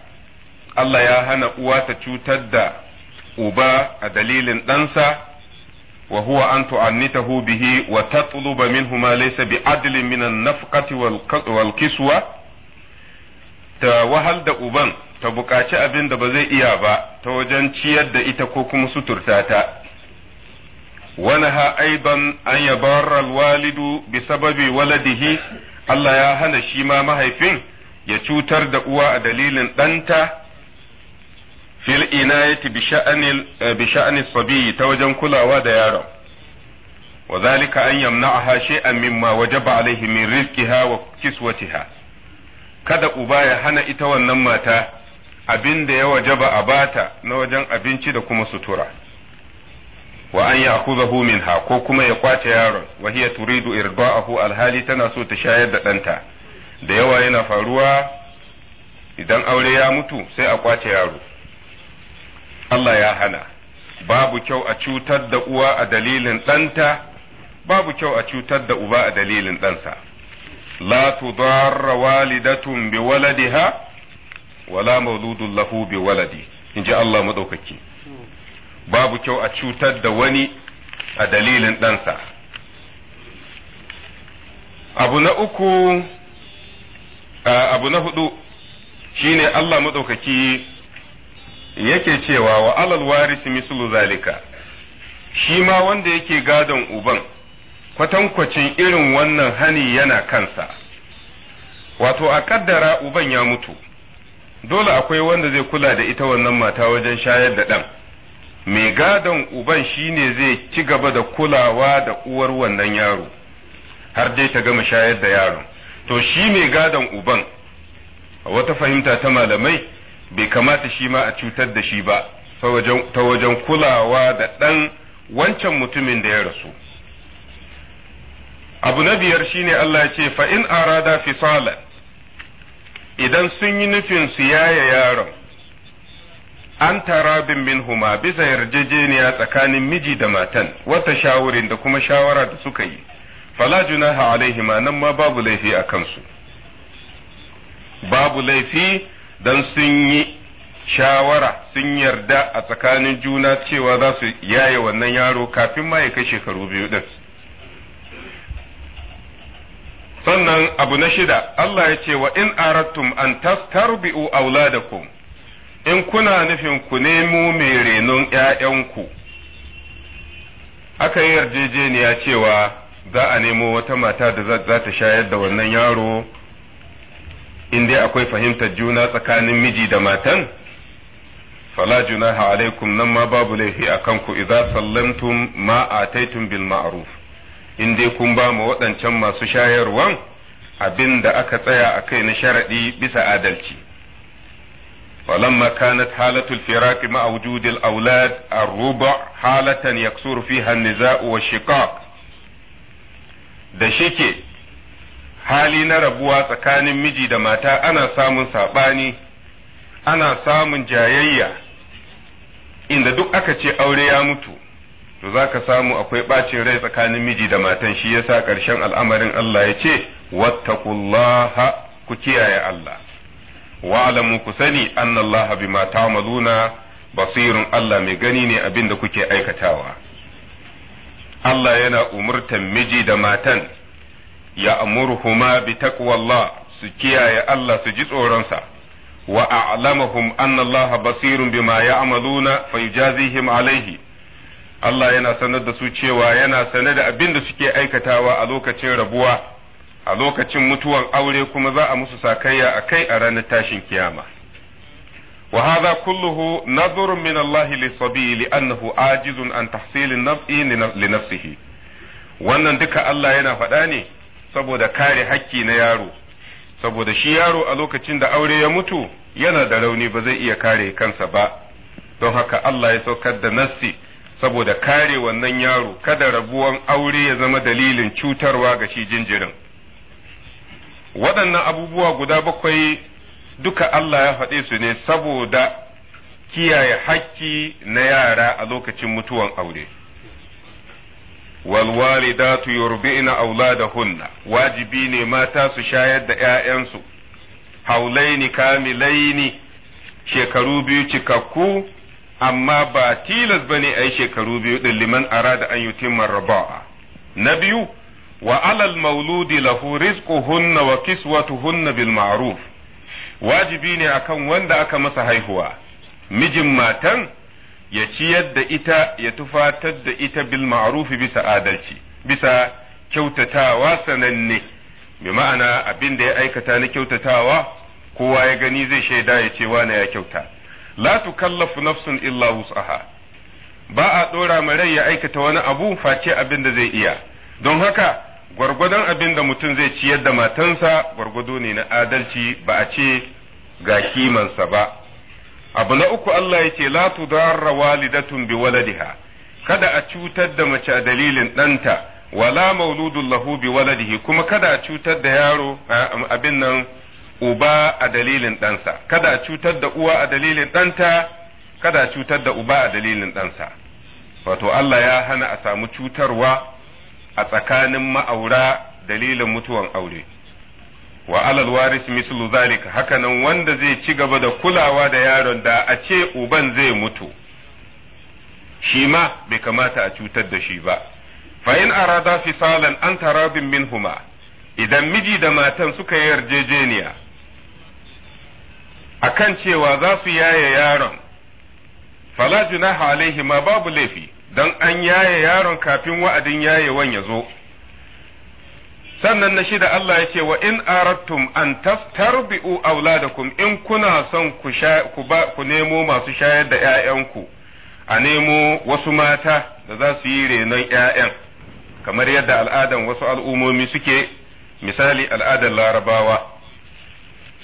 S1: Allah ya hana uwa ta cutar da uba a dalilin ɗansa wa huwa an tu'annitahu bihi wa tatluba minhu ma laysa bi adlin min an-nafqati wal kiswa ta wahal da uban ta buƙaci abinda da ba zai iya ba ta wajen ciyar da ita ko kuma suturta ta wanaha aidan an yabarra walidu bi sababi waladihi Allah ya hana shi ma mahaifin ya cutar da uwa a dalilin ɗanta fil inayati bi sha'ani eh, ta wajen kulawa da yaron wa zalika an yamna'aha shay'an mimma wajaba alaihi min rizqiha wa kiswatiha kada uba ya hana ita wannan mata abin da ya wajaba a bata na wajen abinci da kuma sutura wa an ya min ha, ko kuma ya kwace yaron wa hiya turidu irda'ahu alhali tana so ta shayar da ɗanta da yawa yana faruwa idan aure ya mutu sai a kwace yaro Allah ya hana babu kyau a cutar da uwa a dalilin ɗanta babu kyau a cutar da uba a dalilin ɗansa la tudarra walidatun bi waladiha wala mauludun lahu bi waladi ji Allah madaukaki babu kyau a cutar da wani a dalilin ɗansa abu na uku abu na hudu shine Allah madaukaki yake cewa wa'alal alal warisi mislu zalika shi ma wanda yake gadon uban kwatankwacin irin wannan hani yana kansa wato a kaddara uban ya mutu dole akwai wanda zai kula da ita wannan mata wajen shayar da ɗan mai gadon uban shine zai ci gaba da kulawa da uwar wannan yaro har dai ta gama shayar da yaron to shi mai gadon uban a wata fahimta ta malamai bai kamata shi ma a cutar da shi ba ta wajen kulawa da ɗan wancan mutumin da ya rasu abu na biyar shine Allah ya ce fa in arada fisala idan sun yi nufin su yaya yaron an tara bin min huma bisa yarjejeniya tsakanin miji da matan wata shawurin da kuma shawara da suka yi fala junaha alaihima nan ma babu laifi a kansu babu laifi dan sun yi shawara sun yarda a tsakanin juna cewa za su yaye wannan yaro kafin ma ya kai shekaru biyu din sannan abu na shida Allah ya ce wa in arattum an tastarbi'u auladakum in kuna nufin ku nemo mai renon ‘ya'yanku, aka yi yarjejeniya cewa za a nemo wata mata da za ta shayar da wannan yaro in dai akwai fahimtar juna tsakanin miji da matan, fala junaha alaikum nan ma babu laifi a kanku idza sallamtum ma ataitum bil ma'ruf in dai kun ba mu waɗancan masu shayarwan abin da aka tsaya a kai na sharaɗi bisa adalci. فلما كانت حالة الفراق مع وجود الأولاد الربع حالة يكثر فيها النزاع والشقاق da shike hali na rabuwa tsakanin miji da mata ana samun saɓani ana samun jayayya inda duk aka ce aure ya mutu to za ka samu akwai ɓacin rai tsakanin miji da matan shi yasa ƙarshen al'amarin Allah ya ce wattaqullaha ku kiyaye Allah wa'lamu ku sani annallaha mata ta'maluna basirin Allah mai gani ne abin da kuke aikatawa Allah yana umurtan miji da matan ya amurhuma bi taqwallah su kiyaye Allah su ji tsoronsa wa a'lamahum annallaha basirun bima ya'maluna fayujazihim alaihi Allah yana sanar da su cewa yana sanar da abin da suke aikatawa a lokacin rabuwa a lokacin mutuwan aure kuma za a musu sakayya a kai a ranar tashin kiyama wa hadha kulluhu nadhrun min Allah li sabi li annahu ajizun an tahsilin naf'i li nafsihi wannan duka Allah yana faɗa ne saboda kare hakki na yaro saboda shi yaro a lokacin da aure ya mutu yana da rauni ba zai iya kare kansa ba don haka Allah ya saukar da nassi saboda kare wannan yaro kada rabuwan aure ya zama dalilin cutarwa ga shi jinjirin waɗannan abubuwa guda bakwai duka Allah ya faɗe su ne saboda kiyaye hakki na yara a lokacin mutuwan aure walwalidatu yurbi'na auladahunna wajibi ne mata su shayar da 'ya'yansu haulaini kamilaini shekaru biyu cikakku amma ba tilas ba ne a yi shekaru biyu ɗin liman arada an yi timar raba'a. Na biyu, wa alal mauludi lahu rizquhunna wa kiswatuhunna bil ma'ruf wajibi ne akan wanda aka masa haihuwa mijin matan ya ciyar da ita ya tufatar da ita bil ma'ruf bisa adalci bisa kyautatawa sananne bi ma'ana abin da ya aikata na kyautatawa kowa ya gani zai shaida ya ce wane ya kyauta la tukallafu nafsun illa wus'aha ba a dora mai rai ya aikata wani abu face abin da zai iya don haka gwargwadon abin da mutum zai ciyar da matansa gwargwado ne na adalci ba a ce ga kimansa ba abu na uku Allah ya ce la darra walidatun bi waladiha kada a cutar da mace a dalilin ɗanta wala mauludun lahu bi waladihi kuma kada a cutar da yaro abin nan uba a dalilin ɗansa kada cutar da uwa a dalilin ɗanta kada cutar da uba a dalilin ɗansa wato Allah ya hana a samu cutarwa a tsakanin ma'aura dalilin mutuwan aure wa alal waris mislu zalika hakanan wanda zai ci gaba da kulawa da yaron da a ce uban zai mutu shi ma bai kamata a cutar da shi ba fain in arada fisalan an tarabin minhuma idan miji da matan suka yi yarjejeniya a kan cewa za su yaye yaron fala junaha alaihi ma babu laifi don an yaye yaron kafin wa'adin yayewan ya zo sannan na shida Allah ya ce wa in arattum an tastarbi'u auladakum in kuna son ku ku ba ku nemo masu shayar da 'ya'yanku a nemo wasu mata da za su yi renon 'ya'yan kamar yadda al'adan wasu al'ummomi suke misali al'adar larabawa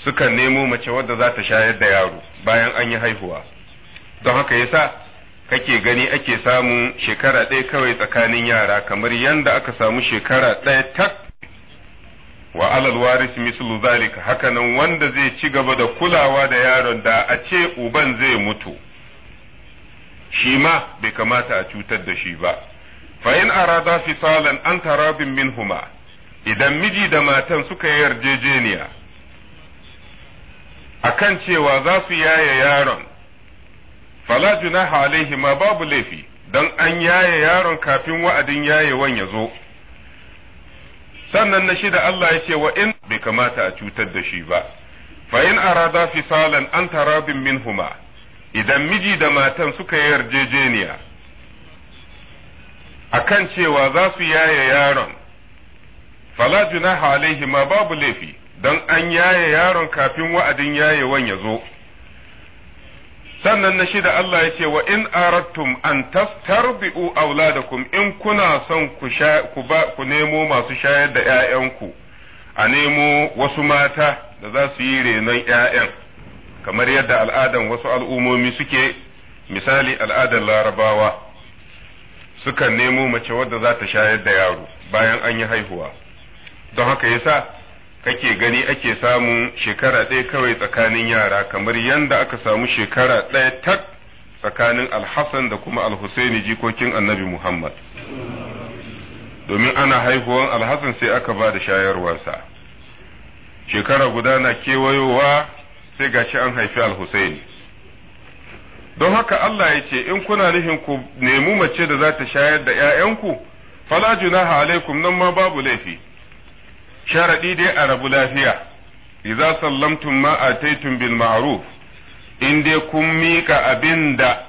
S1: sukan nemo mace wadda za ta shayar da yaro bayan an yi haihuwa don haka yasa kake gani ake samun shekara ɗaya kawai tsakanin yara kamar yadda aka samu shekara ɗaya tak wa alal waris mislu zalika hakanan wanda zai ci gaba da kulawa da yaron da a ce uban zai mutu shi ma bai kamata a cutar da shi ba fa in arada fisalan an tarabin minhuma idan miji da matan suka yi yarjejeniya akan cewa za su yaye yaron fala junaha alaihi ma babu laifi don an yaye yaron kafin wa'adin yayewan ya zo sannan na shida Allah ya ce wa in bai kamata a cutar da shi ba fa in arada fisalan an tarabin minhuma idan miji da matan suka yi yarjejeniya akan cewa za su yaye yaron fala junaha alaihi ma babu laifi don an yaye yaron kafin wa'adin yayewan ya zo sannan na shida Allah ya ce wa in arattum an tastarbi'u auladakum in kuna son ku sha ku ba ku nemo masu shayar da 'ya'yanku a nemo wasu mata da za su yi renon 'ya'yan kamar yadda al'adan wasu al'ummomi suke misali al'adan larabawa sukan nemo mace wadda za ta shayar da yaro bayan an yi haihuwa don haka yasa kake gani ake samun shekara ɗaya kawai tsakanin yara kamar yanda aka samu shekara ɗaya tak tsakanin alhassan da kuma Alhussaini jikokin annabi muhammad domin ana haihuwan alhassan sai aka ba da shayarwarsa shekara guda na kewayowa sai gashi an haifi Alhussaini don haka Allah ya ce in kuna nufin ku nemi mace da za ta shayar da ‘ya'yanku fala junaha alaikum nan ma babu laifi sharaɗi dai a rabu lafiya idza sallamtum ma ataytum bil ma'ruf in dai kun miƙa abin da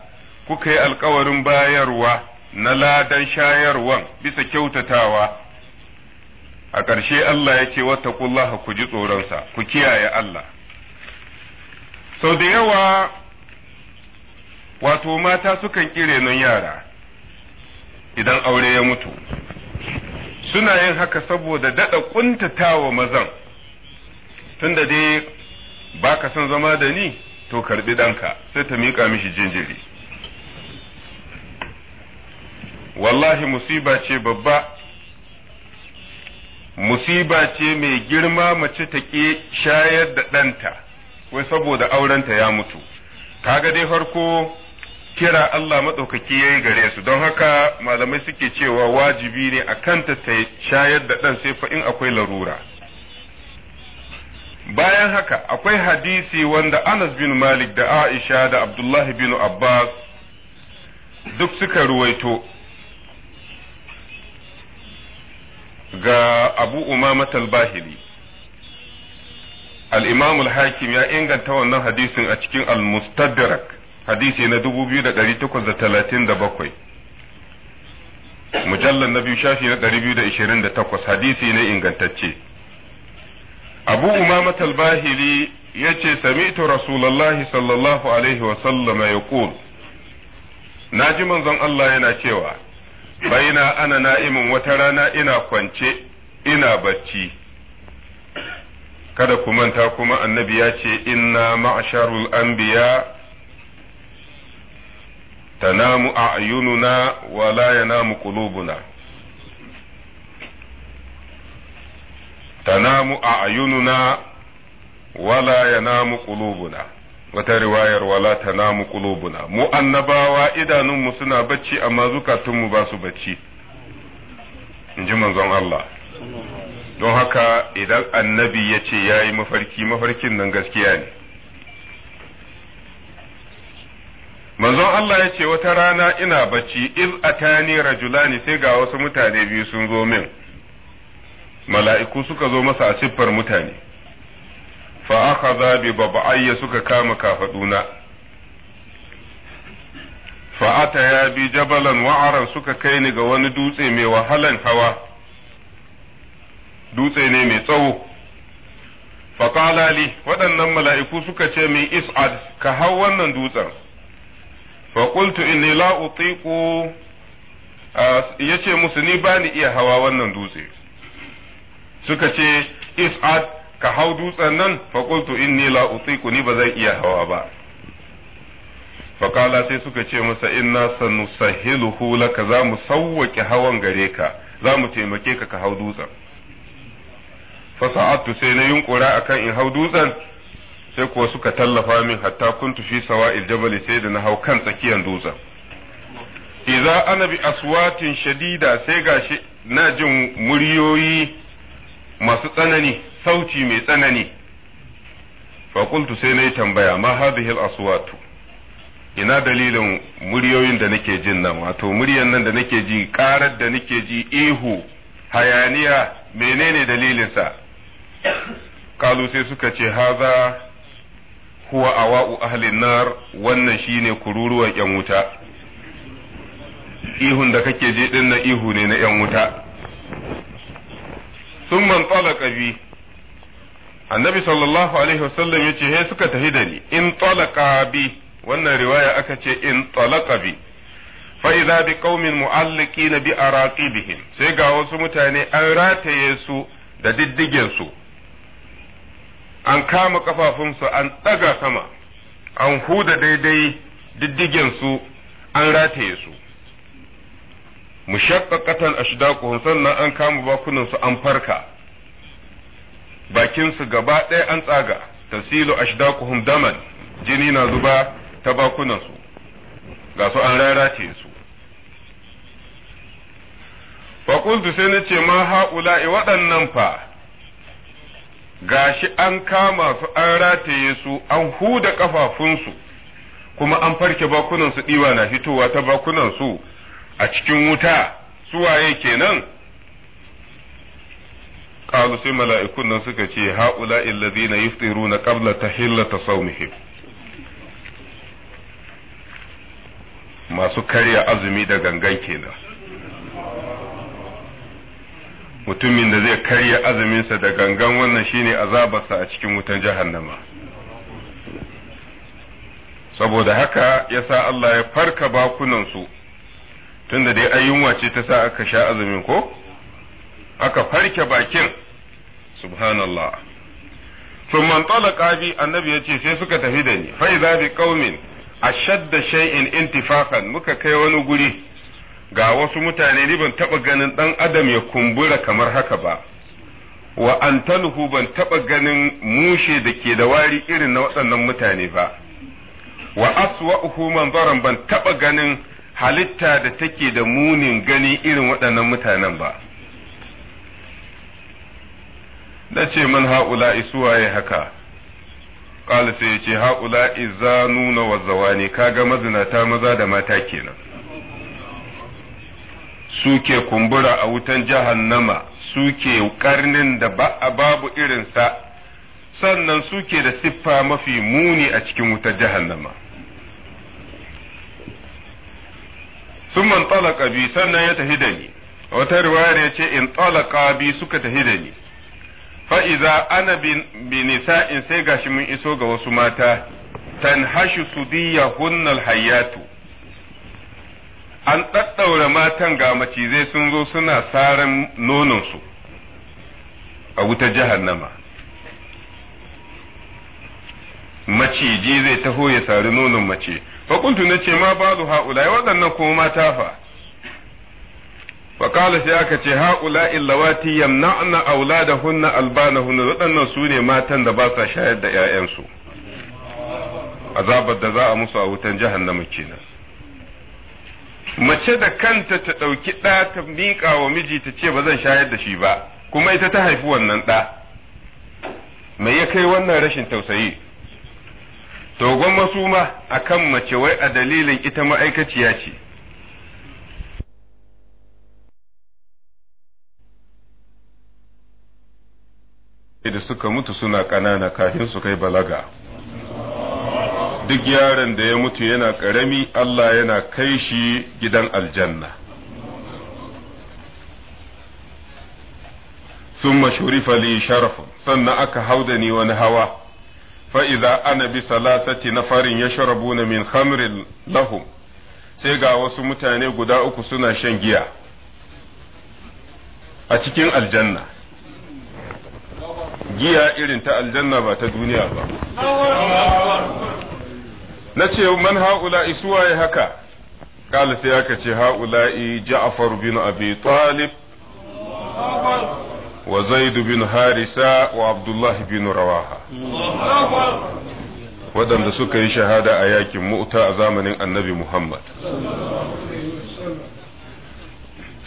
S1: kuka yi alkawarin bayarwa na ladan shayarwan bisa kyautatawa a ƙarshe Allah ya ce kullaha ku ji tsoronsa ku kiyaye Allah sau da yawa wato mata sukan ƙire nan yara idan aure ya mutu suna yin haka saboda daɗa wa mazan tunda dai ba ka son zama da ni to karɓi ɗanka sai ta miƙa mishi jinjiri wallahi musiba ce babba musiba ce mai girma mace ta ƙi shayar da ɗanta wai saboda aurenta ya mutu kaga dai farko kira Allah maɗaukaki ya yi gare su don haka malamai suke cewa wajibi ne a kanta ta shayar da ɗan sai fa in akwai larura bayan haka akwai hadisi wanda Anas bin Malik da Aisha da Abdullahi bin Abbas duk suka ruwaito ga Abu Umama Talbahili al-Imam al-Hakim ya inganta wannan hadisin a cikin al hadisi na dubu biyu da ɗari takwas da talatin da bakwai mujallar na biyu shafi na ɗari biyu da ishirin da takwas hadisi ne ingantacce abu umama talbahili ya ce sami'tu rasulallahi sallallahu alaihi wasallama ya na ji manzon Allah yana cewa baina ana na'imin wata rana ina kwance ina barci. kada ku manta kuma annabi ya ce inna ma'asharul anbiya تنام أعيننا ولا ينام قلوبنا تنام أعيننا ولا ينام قلوبنا wata riwayar wala namu mu annabawa idanunmu suna bacci amma zukatunmu ba su bacci in ji manzon Allah don haka idan annabi ya ce ya yi mafarki mafarkin nan gaskiya ne manzon Allah ya ce wata rana ina bacci iz atani rajulani sai ga wasu mutane biyu sun zo min mala'iku suka zo masa a siffar mutane fa akhadha bi bab'ayya suka kama kafaduna fa ya bi jabalan wa'aran suka kai ni ga wani dutse mai wahalan hawa dutse ne mai tsawo fa qala li waɗannan mala'iku suka ce min is'ad ka hau wannan dutsen fa qultu inni la utiqu yace musu ni bani iya hawa wannan dutse suka ce is'ad ka hau dutsen nan fa qultu inni la utiqu ni ba zai iya hawa ba faƙala sai suka ce masa inna sanusahiluhu laka za mu sawwake hawan gare ka za mu taimake ka ka hau dutsen fasa'atu sai na yunkura akan in hau dutsen sai kuwa suka tallafa min hatta kuntu fi sawa'il jabal sai da na hau kan tsakiyar dutsen idza ana bi aswatin shadida sai gashi na jin muryoyi masu tsanani sauti mai tsanani fa sai na yi tambaya ma hadhihi al aswatu ina dalilin muryoyin da nake jin nan wato muryan nan da nake ji karar da nake ji ihu hayaniya menene dalilinsa kalu sai suka ce haza huwa awa'u ahlin nar wannan shine kururuwan yan wuta ihun da kake je din na ihu ne na yan wuta sun man talaka bi annabi sallallahu alaihi wasallam yace he suka tafi da ni in talaka bi wannan riwaya aka ce in talaka bi fa idza bi qaumin mu'alliqina bi araqibihim sai ga wasu mutane an rataye su da diddigen su an kama kafafunsu an ɗaga sama an huda daidai diddigensu an rataye su Mu mushaqqaqatan ashdaquhum sannan an kama bakunansu an farka bakinsu gaba ɗaya an tsaga tasilu ashdaquhum daman jini na zuba ta bakunansu ga su an rataye su faƙultu sai na ce ma ha'ula'i waɗannan fa gashi an kama su an rataye su an huda ƙafafunsu kuma an farke bakunansu diwa na fitowa ta bakunansu a cikin wuta suwaye kenan qalu sai mala'ikun nan suka ce haula illazina yuftiruna qabla tahillata sawmihim masu karya azumi da gangan kenan mutumin da zai karya azuminsa da gangan wannan shine azabarsa a cikin wutan jahannama saboda haka yasa Allah ya farka su tunda dai ayyunwa ce ta sa aka sha azumin ko aka farke bakin subhanallah ثم انطلق بي annabi yace sai suka tafi da ni fa idza bi qaumin ashadda shay'in intifaqan muka kai wani guri ga wasu mutane ni ban taɓa ganin ɗan adam ya kumbura kamar haka ba wa an ban taɓa ganin mushe da ke da wari irin na waɗannan mutane ba wa aswa'uhu manzaran ban taɓa ganin halitta da take da munin gani irin waɗannan mutanen ba na ce man ha'ula isuwaye haka ƙala sai ya ce ha'ula izanuna wa zawani kaga mazinata maza da mata kenan suke kumbura a wutan jahannama suke karnin da babu irinsa sannan suke da siffa mafi muni a cikin wutar jahannama sun man talaka bi sannan ya tafi da ni wata riwayar ce in talaka bi suka tafi da ni fa'iza ana bi in sai gashi mun iso ga wasu mata tan su biya hunnal hayatu an ɗaɗɗaura matan ga macizai sun zo suna saran nononsu a wutar jahannama maciji zai taho ya sari nonon mace fakuntu na ce ma bazu ha'ula waɗannan kuma mata fa faƙala sai aka ce ha'ula illawati yamna'na auladahunna albanahunna waɗannan su ne matan da ba sa shayar da ‘ya'yansu azabar da za a musu a wutan jahannama kenan mace da kanta ta ɗauki ɗa ta miƙa wa miji ta ce ba zan shayar da shi ba kuma ita ta haifi wannan ɗa me ya kai wannan rashin tausayi to gwamma su ma akan mace wai a dalilin ita ma'aikaciya ce da suka mutu suna ƙanana kafin su kai balaga duk yaron da ya mutu yana ƙarami Allah yana kai shi gidan aljanna sun mashurifali fali sharafu sannan aka hauda ni wani hawa fa'iza ana bi salasati na farin ya sharabu na min khamrin lahum sai ga wasu mutane guda uku suna shan giya a cikin aljanna giya irin ta aljanna ba ta duniya
S2: ba
S1: na ce man ha'ula'i suwaye haka kala sai aka ce ha'ula'i ja'far bin abi talib wa zaid bin harisa wa abdullahi bin rawaha waɗanda suka yi shahada a yakin mu'ta a zamanin annabi muhammad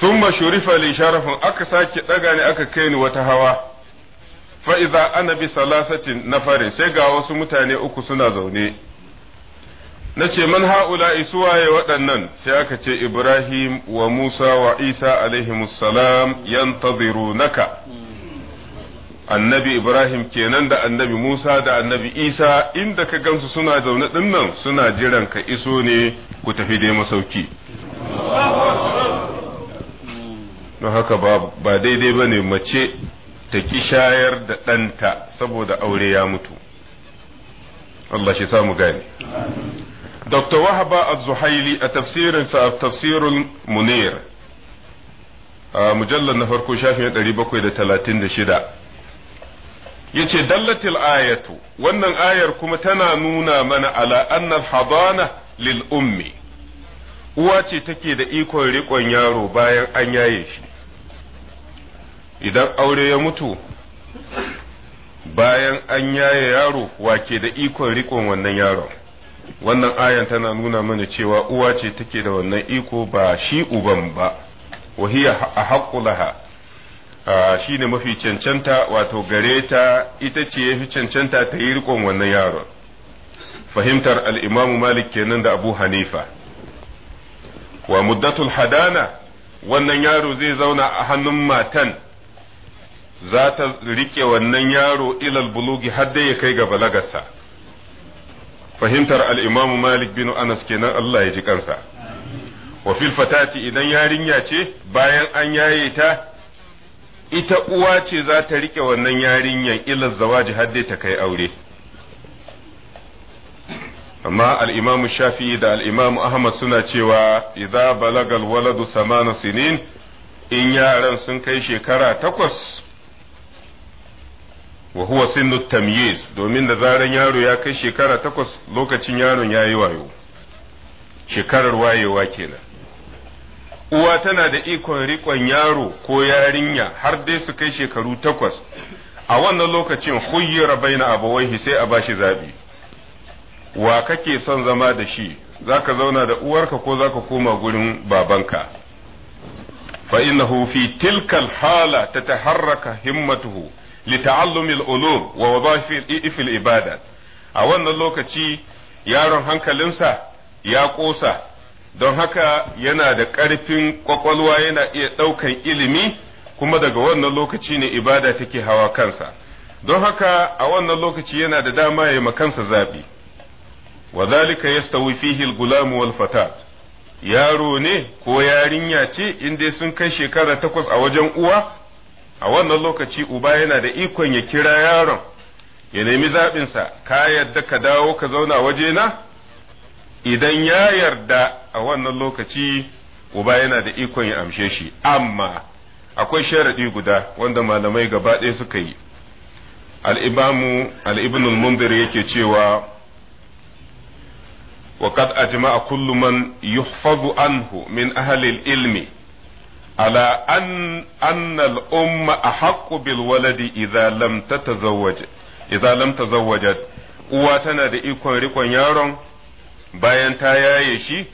S1: ثم شرف sharafin aka sake daga ni aka kai ni wata hawa fa idza ana bi salasatin nafarin sai ga wasu mutane uku suna zaune na ce man ha'ula'i suwaye waɗannan sai aka ce Ibrahim wa Musa wa Isa alaihimussalam naka annabi Ibrahim kenan da annabi Musa da annabi Isa inda ka gansu suna zaune ɗinnan suna jiran ka iso ne ku tafi dai masauki don haka ba daidai bane mace ta ki shayar da ɗanta saboda aure ya mutu Allah shi samu gane Dr. Wahaba Az-Zuhaili a tafsirinsa a tafsirin Munir a mujallar na farko shafin Ya ce dallatil ayatu wannan ayar kuma tana nuna mana ala annal hadana lil ummi uwa ce take da ikon riƙon yaro bayan an yaye shi idan aure ya mutu bayan an yaye yaro wa ke da ikon riƙon wannan yaron wannan ayan tana nuna mana cewa uwa ce take da wannan iko ba shi uban ba hiya a haƙulaha shi ne mafi cancanta wato gare ta ita ce ya fi cancanta ta yi riƙon wannan yaron fahimtar al'imamu malik kenan da abu hanifa wa muddatul hadana wannan yaro zai zauna a hannun matan za ta riƙe wannan yaro ilal bulugi har dai ya kai ga balagarsa fahimtar al'imamu malik bin anas kenan Allah ya ji kansa wa fil fatati idan yarinya ce bayan an yaye ta ita uwa ce za ta riƙe wannan yarinyan ilar zawaji har dai ta kai aure amma al'imamu shafi'i da al'imamu ahmad suna cewa idza balagal waladu samana sinin in yaran sun kai shekara takwas wa huwa sinnu tamyiz domin da zaran yaro ya kai shekara takwas lokacin yaron ya yi wayo shekarar wayewa kenan uwa tana da ikon riƙon yaro ko yarinya har dai su kai shekaru takwas a wannan lokacin khuyyira baina abawaihi sai a bashi zabi wa kake son zama da shi zaka zauna da uwarka ko zaka koma gurin babanka fa innahu fi tilkal hala tataharraka himmatuhu li ta'allumil ulum wa wabashi fil ibada a wannan lokaci yaron hankalinsa ya kosa don haka yana da ƙarfin ƙwaƙwalwa yana iya ɗaukan ilimi kuma daga wannan lokaci ne ibada take hawa kansa don haka a wannan lokaci yana da dama ya yi kansa zaɓi wa zalika yastawi fihi al-gulam wal fatat yaro ne ko yarinya ce in sun kai shekara takwas a wajen uwa a wannan lokaci uba yana da ikon ya kira yaron ya nemi zaɓinsa ka yarda ka dawo ka zauna waje na idan ya yarda a wannan lokaci uba yana da ikon ya amshe shi amma akwai sharaɗi guda wanda malamai gaba ɗaya suka yi al'ibamu al'ibnul mundir yake cewa وقد أجمع كل من يحفظ عنه من أهل ilmi ala an annal umma ahaqqu bil waladi idza lam tatazawwaj idza lam uwa tana da ikon rikon yaron bayan ta yaye shi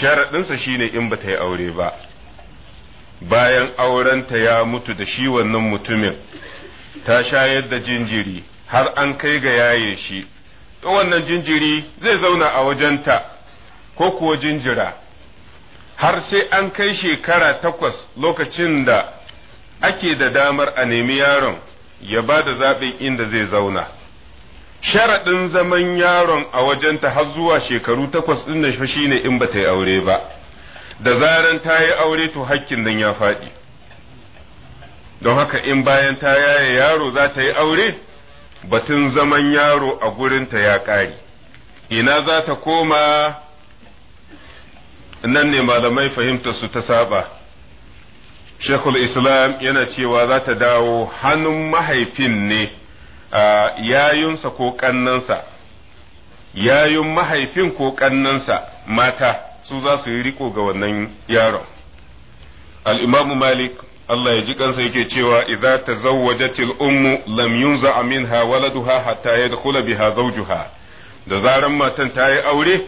S1: sharaɗinsa shine in ba ta yi aure ba bayan aurenta ya mutu da shi wannan mutumin ta shayar da jinjiri har an kai ga yaye shi wannan jinjiri zai zauna a wajenta ko kuwa jinjira har sai an kai shekara takwas lokacin da ake da damar a nemi yaron ya ba da zaɓin inda zai zauna sharaɗin zaman yaron a wajenta har zuwa shekaru takwas ɗin da shi ne in ba ta yi aure ba da zaran ta yi aure to hakkin nan ya faɗi don haka in bayan ta yaya yaro za ta yi aure batun zaman yaro a gurinta ya ƙare ina za ta koma nan ne malamai fahimtar su ta saba shekul islam yana cewa za ta dawo hannun mahaifin ne a yayunsa ko kannansa yayun mahaifin ko kannansa mata su za su yi riko ga wannan yaron al'imamu malik Allah ya ji kansa yake cewa idza tazawwajatil ummu lam yunza minha waladuha hatta yadkhula biha zawjuha da zaran matan ta yi aure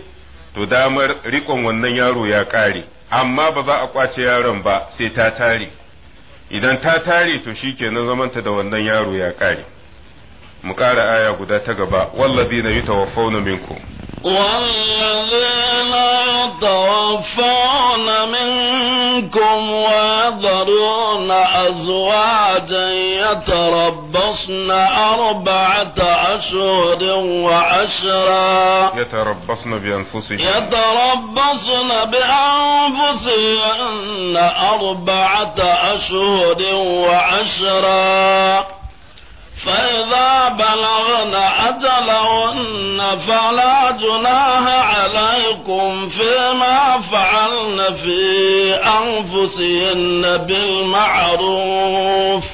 S1: to damar rikon wannan yaro ya ƙare amma ba za a kwace yaron ba sai ta tare idan ta tare to shi ke shikenan zamanta da wannan yaro ya ƙare mu ƙara aya guda ta gaba na yi tawaffau na minku.
S2: والذين يتوفون منكم ويذرون أزواجا يتربصن أربعة أشهر وعشرا
S1: يتربصن بأنفسهن
S2: يتربصن بأنفسهن أربعة أشهر وعشرا فإذا بلغن أجلهن فلا جناح عليكم فيما فعلن في أنفسهن بالمعروف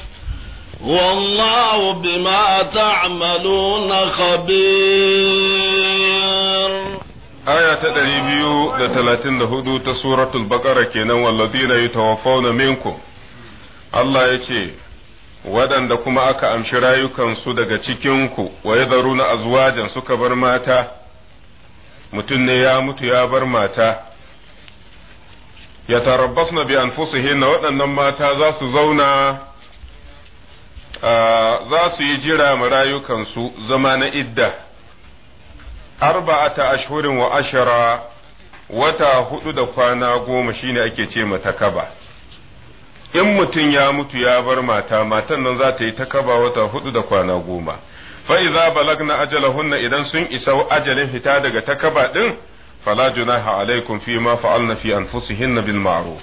S2: والله بما تعملون خبير
S1: آية تدريبيو لتلاتين لهدو تسورة البقرة كينا والذين يتوفون منكم الله يتشيه waɗanda kuma aka amshi rayukansu daga cikinku wa ya zaru na azwajan suka bar mata mutum ne ya mutu ya bar mata ya tarabbas na biyan na waɗannan mata za su zauna za su yi jira ma rayukansu zama na idda arba'ata ashhurin wa ashara wata hudu da kwana goma shine ake ce mata kaba. in mutum ya mutu ya bar mata matan nan za ta yi takaba wata hudu da kwana goma fa idza balagna ajalahunna idan sun isa ajalin fita daga ta kaba din fala junaha alaikum fi ma fa'alna fi anfusihinna bil ma'ruf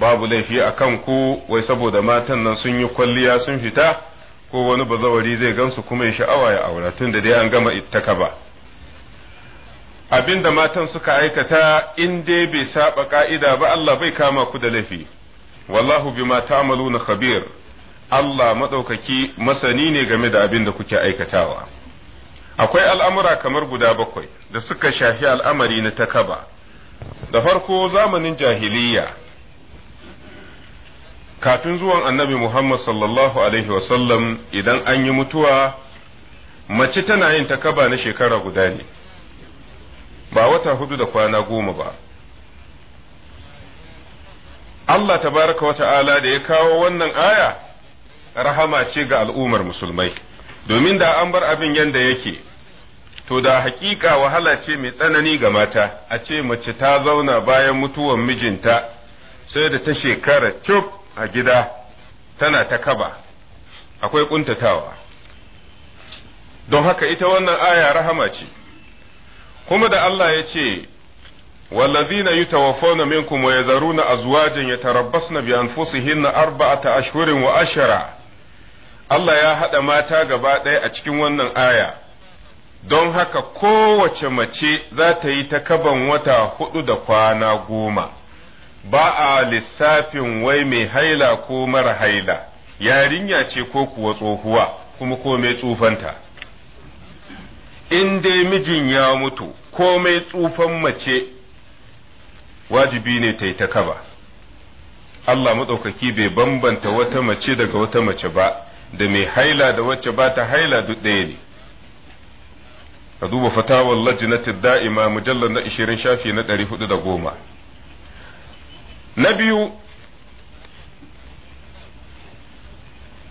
S1: babu laifi akan ku wai saboda matan nan sun yi kwalliya sun fita ko wani bazawari zai gansu kuma ya sha'awa ya aura tun da dai an gama takaba. kaba abinda matan suka aikata in dai bai saba ka'ida ba Allah bai kama ku da laifi wallahu bima ta'maluna Kabir. Allah madaukaki masani ne game da abin da kuke aikatawa akwai al'amura kamar guda bakwai da suka shafi al'amari na takaba da farko zamanin jahiliya kafin zuwan annabi Muhammad sallallahu alaihi wasallam idan an yi mutuwa mace tana yin takaba na shekara guda ne ba wata hudu da kwana goma ba Allah ta tabaraka wa ta'ala da ya kawo wannan aya rahama ce ga al'ummar musulmai domin da an bar abin yanda yake to da haƙiƙa wahala ce mai tsanani ga mata a ce mace ta zauna bayan mutuwan mijinta sai da ta shekara cuf a gida tana ta kaba akwai ƙuntatawa. don haka ita wannan aya rahama ce kuma da Allah ya ce والذين يتوفون منكم ويذرون أزواجا يتربصن بأنفسهن أربعة أشهر وأشرا Allah ya haɗa mata gaba ɗaya a cikin wannan aya, don haka kowace mace za ta yi ta kaban wata huɗu da kwana goma, ba a lissafin wai mai haila ko mara haila, yarinya ce ko kuwa tsohuwa kuma komai tsufanta. In dai mijin ya mutu, komai tsufan mace wajibi ne ta yi ta kaba Allah matsaukaki bai bambanta wata mace daga wata mace ba da mai haila da wacce ba ta haila duk ɗaya ne ka duba fatawar lajinatin da'ima mujallar na 20 shafi na 410 na biyu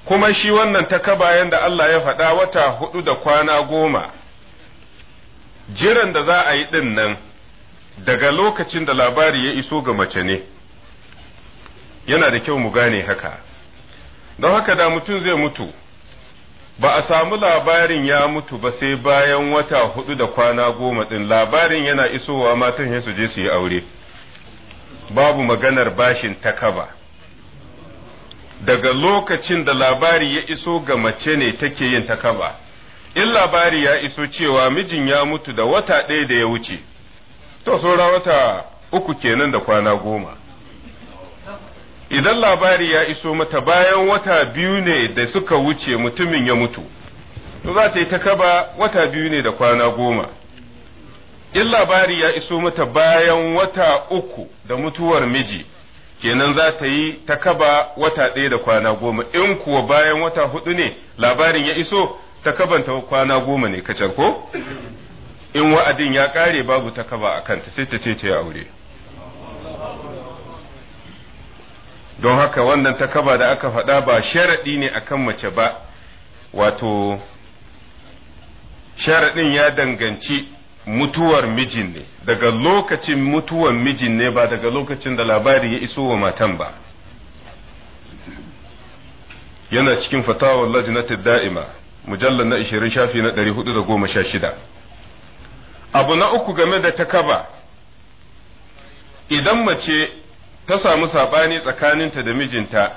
S1: kuma shi wannan ta kaba yadda Allah ya faɗa wata hudu da kwana goma jiran da za a yi ɗin nan daga lokacin da labari ya iso ga mace ne yana da kyau mu gane haka don haka da mutum zai mutu ba a samu labarin ya mutu ba sai bayan wata hudu da kwana goma ɗin labarin yana isowa matan ya su je su yi aure babu maganar bashin ta kaba daga lokacin da labari ya iso ga mace ne take yin takaba in labari ya iso cewa mijin ya mutu da wata ɗaya da ya wuce to saura wata uku kenan da kwana goma idan labari ya iso mata bayan wata biyu ne da suka wuce mutumin ya mutu to za ta yi ta kaba wata biyu ne da kwana goma in labari ya iso mata bayan wata uku da mutuwar miji kenan za ta yi ta kaba wata ɗaya da kwana goma in kuwa bayan wata hudu ne labarin ya iso ta kabanta kwana goma ne kacar ko in wa'adin ya ƙare babu ta kaba a kanta sai ta ce ta yi aure don haka wannan ta kaba da aka faɗa ba sharaɗi ne akan mace ba wato sharaɗin ya danganci mutuwar mijin ne daga lokacin mutuwar mijin ne ba daga lokacin da labari ya iso wa matan ba yana cikin fatawar lajinatar da'ima mujallar na 20 shafi na 416 abu na uku game da ta kaba. idan mace ta samu saɓani tsakaninta da mijinta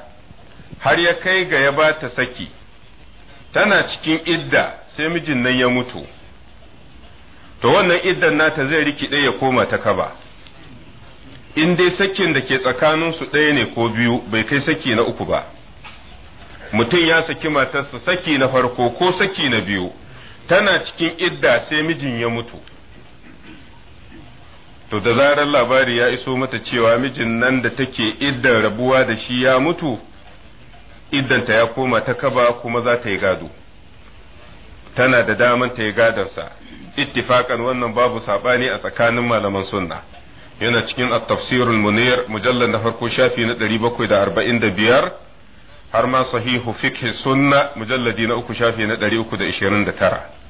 S1: har ya kai ga ya ba ta saki tana cikin idda sai mijin nan ya mutu to wannan iddan nata zai rikide ya koma ta kaba. in dai sakin da ke tsakaninsu ɗaya ne ko biyu bai kai saki na uku ba mutum ya saki matarsa saki na farko ko saki na biyu tana cikin idda sai mijin ya mutu to da zarar labari ya iso mata cewa mijin nan da take iddan rabuwa da shi ya mutu iddanta ya koma ta kaba kuma za ta yi gado tana da daman ta yi gadonsa ittifakan wannan babu saɓani a tsakanin malaman sunna yana cikin at-tafsirul munir na farko shafi na 745 har ma sahihu fiqh sunna mujalladi na uku shafi na tara.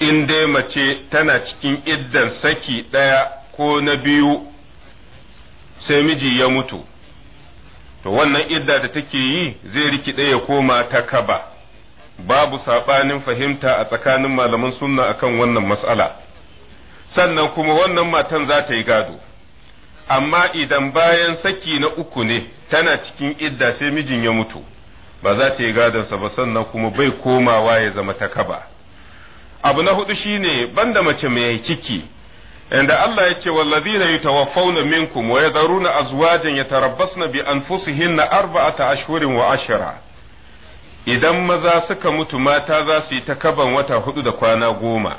S1: in dai mace tana cikin iddan saki ɗaya ko na biyu sai miji ya mutu to wannan idda da take yi zai rikide ya koma ta kaba babu saɓanin fahimta a tsakanin malaman sunna akan wannan matsala sannan kuma wannan matan za ta yi gado amma idan bayan saki na uku ne tana cikin idda sai mijin ya mutu ba za ta yi gadonsa ba sannan kuma bai komawa ya zama ta kaba abu na hudu shine banda mace mai ciki inda Allah ya ce wallazina yatawaffawna minkum wa yadharuna azwajan yatarabbasna bi anfusihinna arba'ata ashhurin wa ashara idan maza suka mutu mata za su yi ta kaban wata hudu da kwana goma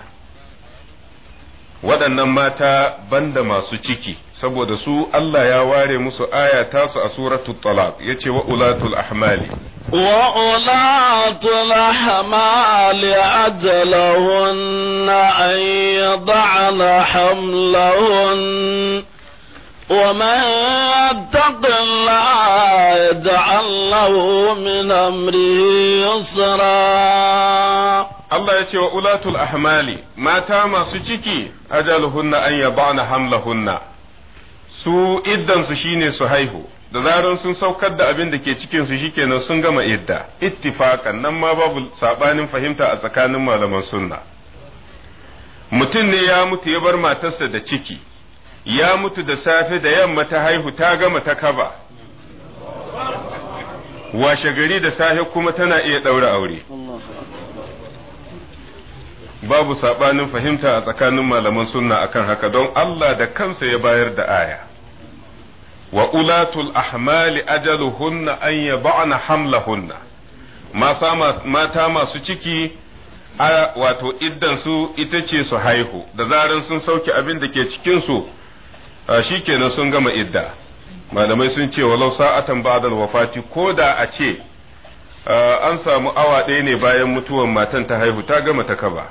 S1: waɗannan mata banda masu ciki saboda su Allah ya ware musu aya tasu a suratul talaq yace wa ulatul ahmali
S2: وأولاة الأحمال أجلهن أن يضعن حملهن ومن يتق الله
S1: يجعل له من أمره يسرا Allah ya ce wa ulatul ahmali mata masu ciki hunna an ya yabana hamlahunna su iddansu shine su haihu da zaran sun saukar da abin da ke cikin su shikenan sun gama idda ittifakan nan ma babu sabanin fahimta a tsakanin malaman sunna mutum ne ya mutu ya bar matarsa da ciki ya mutu da safe da yamma ta haihu ta gama ta kaba washe gari da safe kuma tana iya ɗaura aure babu sabanin fahimta a tsakanin malaman sunna akan haka don Allah da kansa ya bayar da aya wa ulatul ahmali ajaluhunna an hamla hamlahunna mata masu ciki a wato iddan su ita ce su haihu da zaran sun sauke abin da ke cikin su shikenan sun gama idda malamai sun ce walau sa'atan ba'dal wafati ko da a ce an samu awa ɗaya ne bayan mutuwan matan ta haihu ta gama ta kaba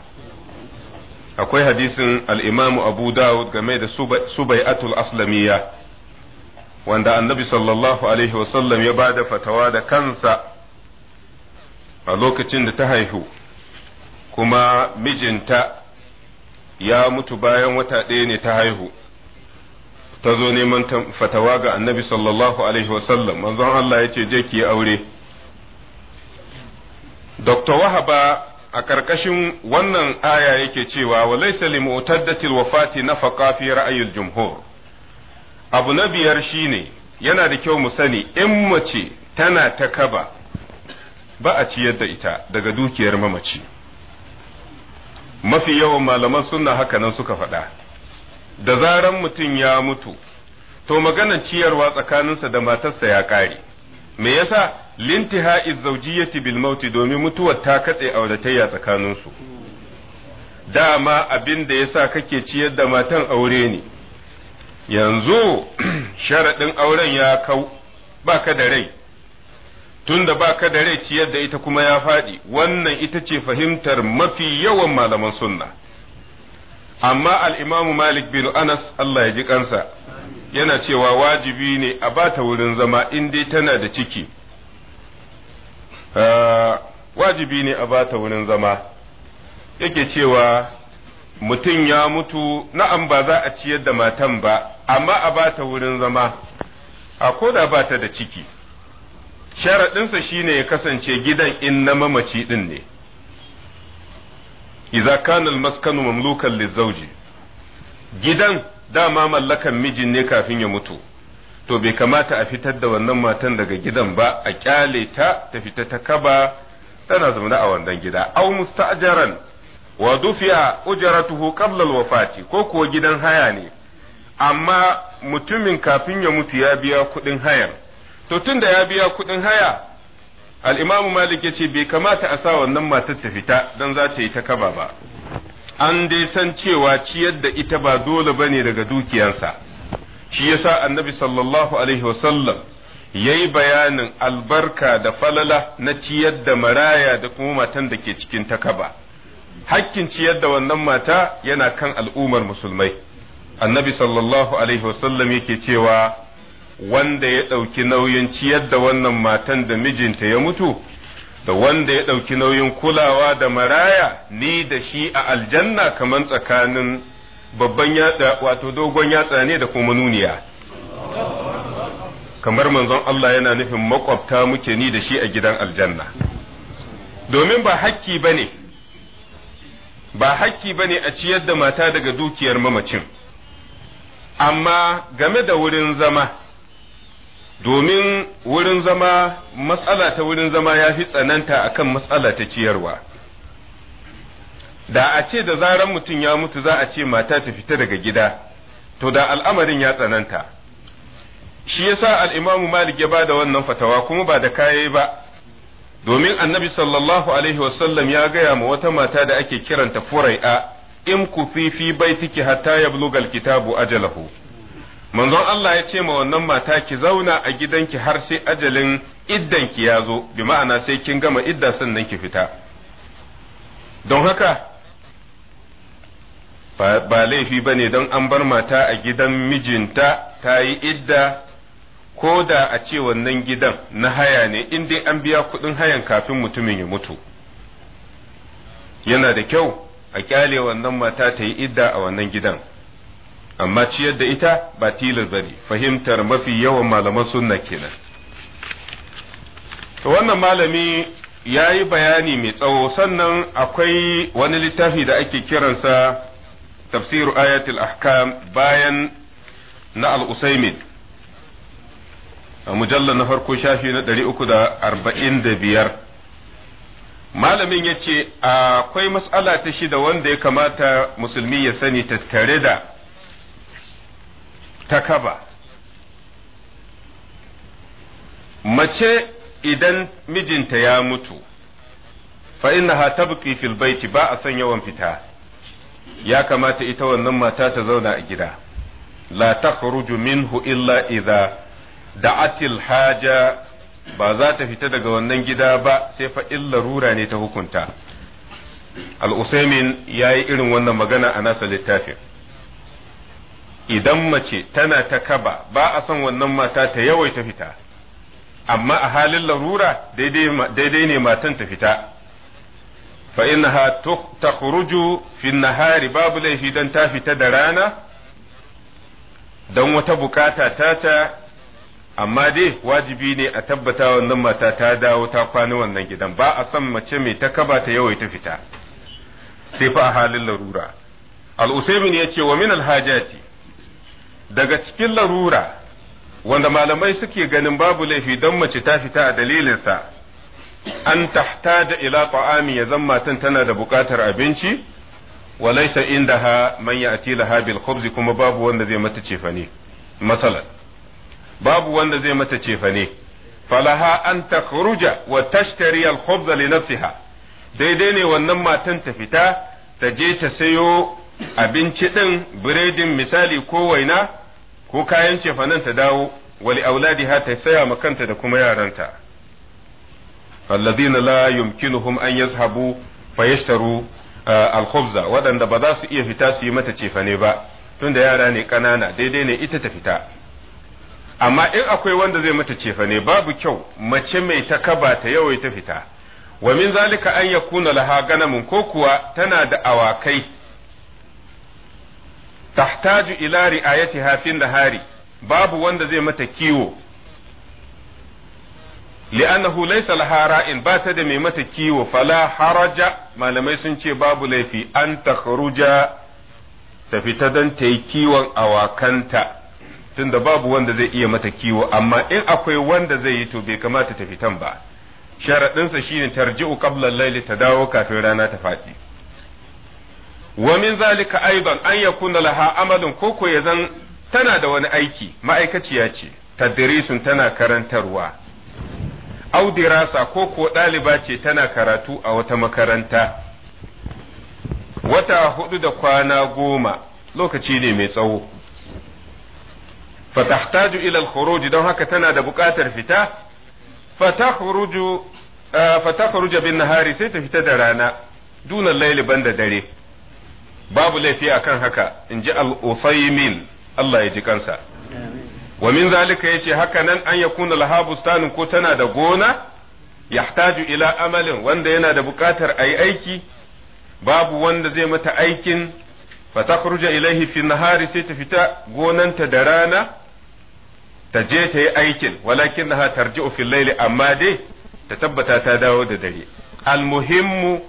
S1: akwai hadisin al-imamu abu dawud game da subai'atul aslamiyya wanda annabi sallallahu alaihi wasallam ya da fatawa da kansa a lokacin da ta haihu kuma mijinta ya mutu bayan wata ɗaya ne ta haihu ta zo neman fatawa ga annabi sallallahu alaihi wasallam manzon Allah ya ce je ki aure Dr. Wahaba a ƙarƙashin wannan aya yake cewa wa laysa li wafati nafaqa fi ra'ayil jumhur abu na biyar shine yana da kyau mu sani in mace tana ta kaba ba a ciyar da ita daga dukiyar mamaci mafi yawan malaman sunna haka nan suka faɗa da zaran mutum ya mutu to maganan ciyarwa tsakaninsa da matarsa ya ƙare me yasa lintihai zaujiyati bil mauti domin mutuwar ta katse auratayya tsakaninsu dama abin da yasa kake ciyar da matan aure ne yanzu sharaɗin auren ya kau baka da rai tunda baka da rai ciyar da ita kuma ya faɗi wannan ita ce fahimtar mafi yawan malaman sunna amma al'imamu malik bin anas Allah ya ji kansa yana cewa wajibi ne a bata wurin zama in dai tana da ciki ah, wajibi ne a bata wurin zama yake cewa mutum ya mutu na'am ba za a ciyar da matan ba amma a ba ta wurin zama a koda ba ta da ciki sharaɗinsa shine ya kasance gidan in na mamaci ɗin ne idza kana maskanu mamlukan lizawji gidan dama mallakan mijin ne kafin ya mutu to bai kamata a fitar da wannan matan daga gidan ba a kyale ta ta fita ta kaba tana zaune a wannan gida aw musta'jaran wa dufiya ujratuhu qabla al-wafati ko kuwa gidan haya ne amma mutumin kafin ya mutu ya biya kuɗin hayar to tun da ya biya kuɗin haya al'imamu malik ya ce bai kamata a sa wannan matar ta fita don za ta yi ta kaba ba an dai san cewa ciyar da ita ba dole ba ne daga dukiyarsa shi yasa annabi sallallahu alaihi wasallam ya yi bayanin albarka da falala na ciyar da maraya da kuma matan da ke cikin takaba hakkin ciyar da wannan mata yana kan al'ummar musulmai annabi sallallahu alaihi wasallam yake cewa wanda ya ɗauki nauyin ciyar da wannan matan da mijinta ya mutu da wanda ya ɗauki nauyin kulawa da maraya ni da shi a aljanna kamar tsakanin babban yatsa wato dogon yatsa ne da kuma nuniya kamar manzon Allah yana nufin makwabta muke ni da shi a gidan aljanna domin ba hakki bane ba hakki bane a ciyar da mata daga dukiyar mamacin amma game da wurin zama domin wurin zama matsala ta wurin zama ya fi tsananta kan matsala ta ciyarwa da a ce da zaran mutum ya mutu za a ce mata ta fita daga gida to da al'amarin ya tsananta shi yasa al'imamu malik ya ba da wannan fatawa kuma ba da kayayi ba domin annabi sallallahu alaihi wasallam ya gaya ma wata mata da ake kiranta furai'a In fifi fi baitiki hatta ya yabluga kitabu ajalahu manzon Allah ya ce ma wannan mata ki zauna a gidanki har sai ajalin iddanki ya zo bi ma'ana sai kin gama idda sannan ki fita don haka ba laifi ba ne don an bar mata a gidan mijinta ta yi idda ko da a ce wannan gidan na haya ne in dai an biya kuɗin hayan kafin mutumin ya mutu yana da kyau a kyale wannan mata ta yi idda a wannan gidan amma ciyar da ita ba tilar bari fahimtar mafi yawan malaman sunna kenan to wannan malami ya yi bayani mai tsawo sannan akwai wani littafi da ake kiransa tafsiru ayatul ahkam bayan na al a mujallar na farko shafi na 345 malamin ya ce akwai mas'ala ta shida wanda ya kamata musulmi ya sani tattare da takaba mace idan mijinta ya mutu fa ta tabqi fil ba a son yawan fita ya kamata ita wannan mata ta zauna a gida la takhruju minhu illa iza da'atil haja ba za ta fita daga wannan gida ba sai fa illa rura ne ta hukunta al'usaimin ya yi irin wannan magana a nasa littafin idan mace tana ta kaba ba a son wannan mata ta ta fita amma a halin larura daidai ne matan ta fita fa innaha takhruju fi nahari babu laifi dan ta fita da rana don wata bukata tata amma dai wajibi ne a tabbata wannan mata ta dawo ta kwana wannan gidan ba a son mace mai ta kaba ta yawai ta fita sai fa a halin larura al-usaymin ya ce wa min al-hajati daga cikin larura wanda malamai suke ganin babu laifi don mace ta fita a dalilinsa an tahta da ila ta'ami ya zan matan tana da buƙatar abinci walaisa indaha man ya'ti laha bil khubz kuma babu wanda zai mata cefane masalan babu wanda zai mata cefane falaha an takhruja wa tashtari al-khubza li nafsiha daidai ne wannan matan ta fita ta je ta sayo abinci din biredin misali ko waina ko kayan cefanen ta dawo wali auladiha ta saya ma kanta da kuma yaranta alladhina la yumkinuhum an yazhabu fayashtaru uh, al-khubza waɗanda ba za su iya fita su yi mata cefane ba tunda yara ne ƙanana daidai ne ita ta fita amma in akwai wanda zai mata cefa ne babu kyau mace mai ta takaba ta yawai ta fita wa min zalika an yakuna laha ganamun ko kuwa tana da awakai tahtaju ila hafin fi hari babu wanda zai mata kiwo li'annahu laysa laha ra'in ba ta da mai mata kiwo fala haraja malamai sun ce babu laifi an takhruja ta fita don ta yi kiwon awakanta tunda babu wanda zai iya mata kiwo amma in akwai wanda zai yi to bai kamata ta fitan ba sharaɗinsa shine tarji'u qabla layli ta dawo kafin rana ta faɗi wa min zalika aidan an yakuna laha amalun ko ko yazan tana da wani aiki ma'aikaciya ce tadrisun tana karantarwa au dirasa ko ko ɗaliba ce tana karatu a wata makaranta wata hudu da kwana goma lokaci ne mai tsawo fatahtaju ila al don haka tana da buƙatar fita fatakhruju fatakhruju bin nahari sai ta da rana dunan laili banda dare babu laifi akan haka inji al-usaymin Allah ya ji kansa wa min zalika yace haka nan an yakuna laha bustanin ko tana da gona yahtaju ila amalin wanda yana da buƙatar ayi aiki babu wanda zai mata aikin fatakhruja ilaihi fi nahari sai ta fita gonanta da rana ta je ta yi aikin walakin na ji fil laili amma dai ta tabbata ta dawo da dare almuhimmu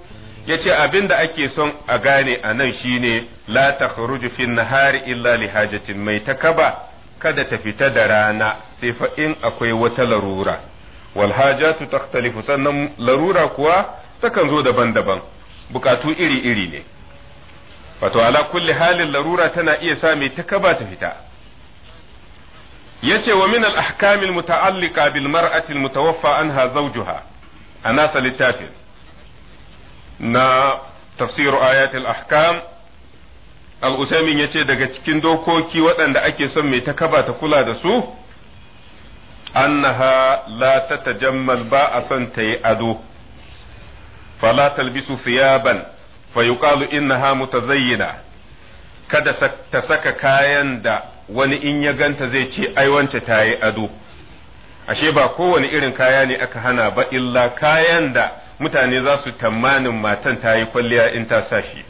S1: ce abin da ake son a gane a nan shine la takhruju fin nahari illa li hajatin mai takaba kada ta fita da rana sai fa in akwai wata larura wal hajatu takhtalifu sannan larura kuwa takan zo daban-daban bukatu iri-iri ne wato ala kulli halin larura tana iya sa mai takaba ta fita yace wa min al-ahkam al-muta'alliqa bil mar'ati al-mutawaffa anha zawjuha anasa littafin na tafsir ayat al-ahkam al-usaymin yace daga cikin dokoki waɗanda ake son mai ta kaba ta kula da su annaha la tatajammal ba a son ta yi ado fala talbisu thiyaban fa yuqalu innaha mutazayyina kada ta saka kayan da wani in ya ganta zai ce ai wance ta yi ado ashe ba kowane irin kaya ne aka hana ba illa kayan da mutane za su tamanin matan ta yi kwalliya in ta sa shi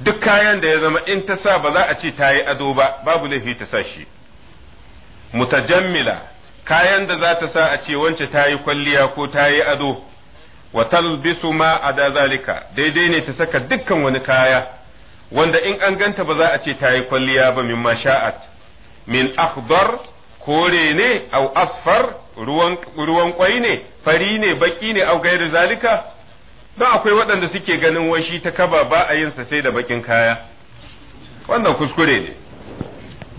S1: duk kayan da ya zama in ta sa ba za a ce ta yi ado ba babu laifi ta sa shi mutajammila kayan da za ta sa a ce wance ta yi kwalliya ko ta yi ado wa talbisu ma a da zalika daidai ne ta saka dukkan wani kaya wanda in an ganta ba za a ce ta yi kwalliya ba min masha'at min akhdar kore ne au asfar ruwan ruwan kwai ne fari ne baki ne au gairu zalika don akwai waɗanda suke ganin washi ta kaba ba a yin sa sai da bakin kaya wannan kuskure ne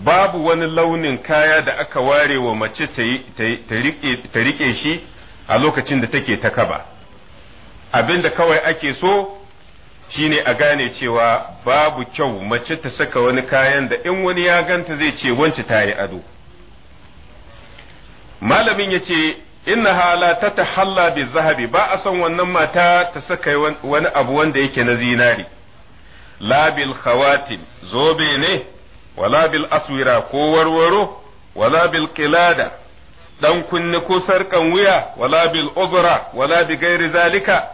S1: babu wani launin kaya da aka ware wa mace ta rike shi a lokacin da take ta kaba abinda kawai ake so shine a gane cewa babu kyau mace ta saka wani kayan da in wani ya ganta zai ce wance ta yi ado malamin ya ce inna hala ta tahalla bi zahabi ba a son wannan mata ta saka wani abu wanda yake na zinari labil khawatim zobe ne wala bil aswira ko warwaro wala bil qilada dan kunne ko sarkan wuya wala bil uzra wala bi gairi zalika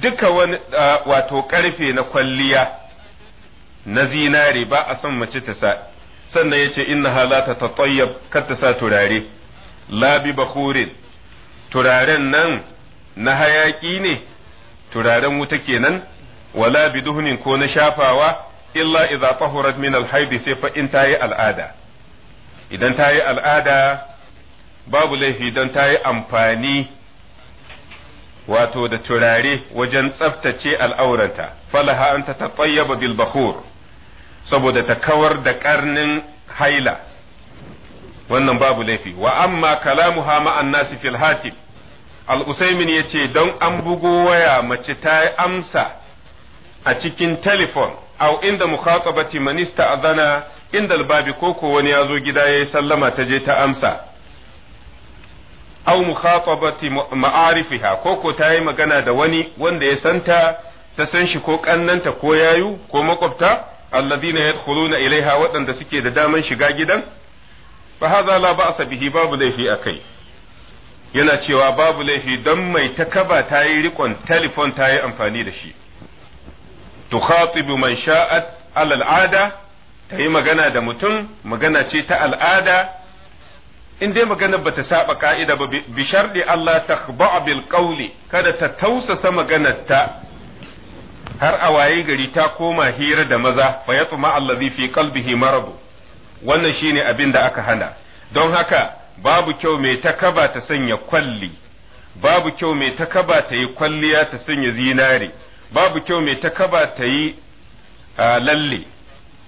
S1: duka wani wato karfe na kwalliya na zinare ba a son mace ta sa sannan ya ce inna halata ta tsayyab kar ta sa turare labi bakurin turaren nan na hayaki ne turaren wuta kenan wala bi duhunin ko na shafawa illa idza tahurat min alhaidi sai fa in tayi al'ada idan tayi al'ada babu laifi don tayi amfani wato da turare wajen tsaftace al'auranta falaha an ta tsayyaba bil bakhur saboda ta kawar da karnin haila wannan babu laifi wa amma kalamuha ma'an nasi fil hatib al-usaimin yace don an bugo waya mace ta amsa a cikin telefon au inda mukhatabati man ista'dana inda al koko wani zo gida yayi sallama ta je ta amsa aw mukhatabati ma'arifiha ko ko ta yi magana da wani wanda ya santa ta san shi ko kannanta ko yayu ko makwabta alladhina yadkhuluna ilaiha waɗanda suke da daman shiga gidan fa hadha la ba'sa bihi babu laifi akai yana cewa babu laifi don mai takaba ta yi rikon telefon ta yi amfani da shi tukhatibu man sha'at al'ada ta yi magana da mutum magana ce ta al'ada in dai maganar bata saba ka'ida ba bi shardi Allah ta bil qawli kada ta tausasa maganar ta har a waye gari ta koma hira da maza fa ya tsuma allazi fi qalbihi marad wannan shine abin da aka hana don haka babu kyau mai takaba ta sanya kwalli babu kyau mai takaba ta yi kwalliya ta sanya zinare babu kyau mai takaba ta yi ah, lalle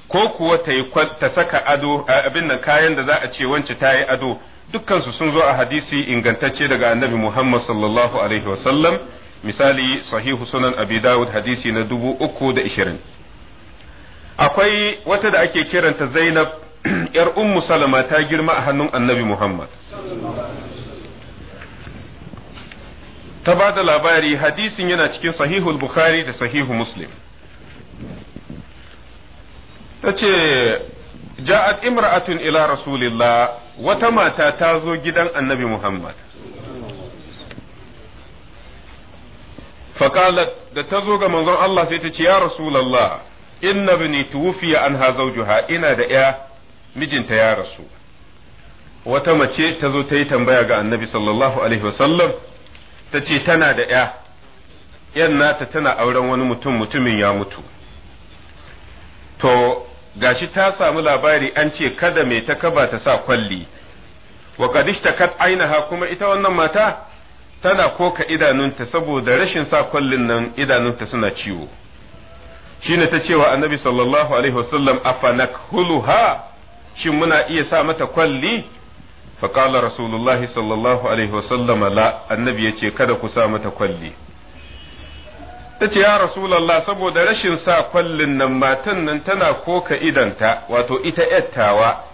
S1: ko kuwa ta ta saka ado abin nan kayan da za a ce wance ta yi ado dukkansu sun zo a hadisi ingantacce daga annabi Muhammad sallallahu alaihi wasallam misali sahihu sunan abi dawud hadisi na dubu uku da ishirin akwai wata da ake kiranta zainab yar ummu salama ta girma a hannun annabi muhammad ta ba da labari hadisin yana cikin sahihul bukhari da sahihu muslim ta ce ja'at imra'atun ila rasulillah wata mata ta zo gidan annabi Muhammad faqalat da ta zo ga manzon Allah sai ta ce ya rasulallah inna ibni tuwfiya anha zawjuha ina da ya mijinta ya rasu wata mace ta zo ta yi tambaya ga annabi sallallahu alaihi wasallam ta ce tana da ya yan nata tana auren wani mutum mutumin ya mutu to gashi ta samu labari an ce kada mai ta kaba ta sa kwalli wa kadishta kat ainaha kuma ita wannan mata tana koka idanunta saboda rashin sa kwallin nan idanunta suna ciwo shine ta cewa annabi sallallahu alaihi wasallam afanakhuluha shin muna iya sa mata kwalli faqala rasulullahi sallallahu alaihi wasallam la annabi yace kada ku sa mata kwalli ta ce ya rasulallah saboda rashin sa kwallin nan matan nan tana koka idanta wato ita yattawa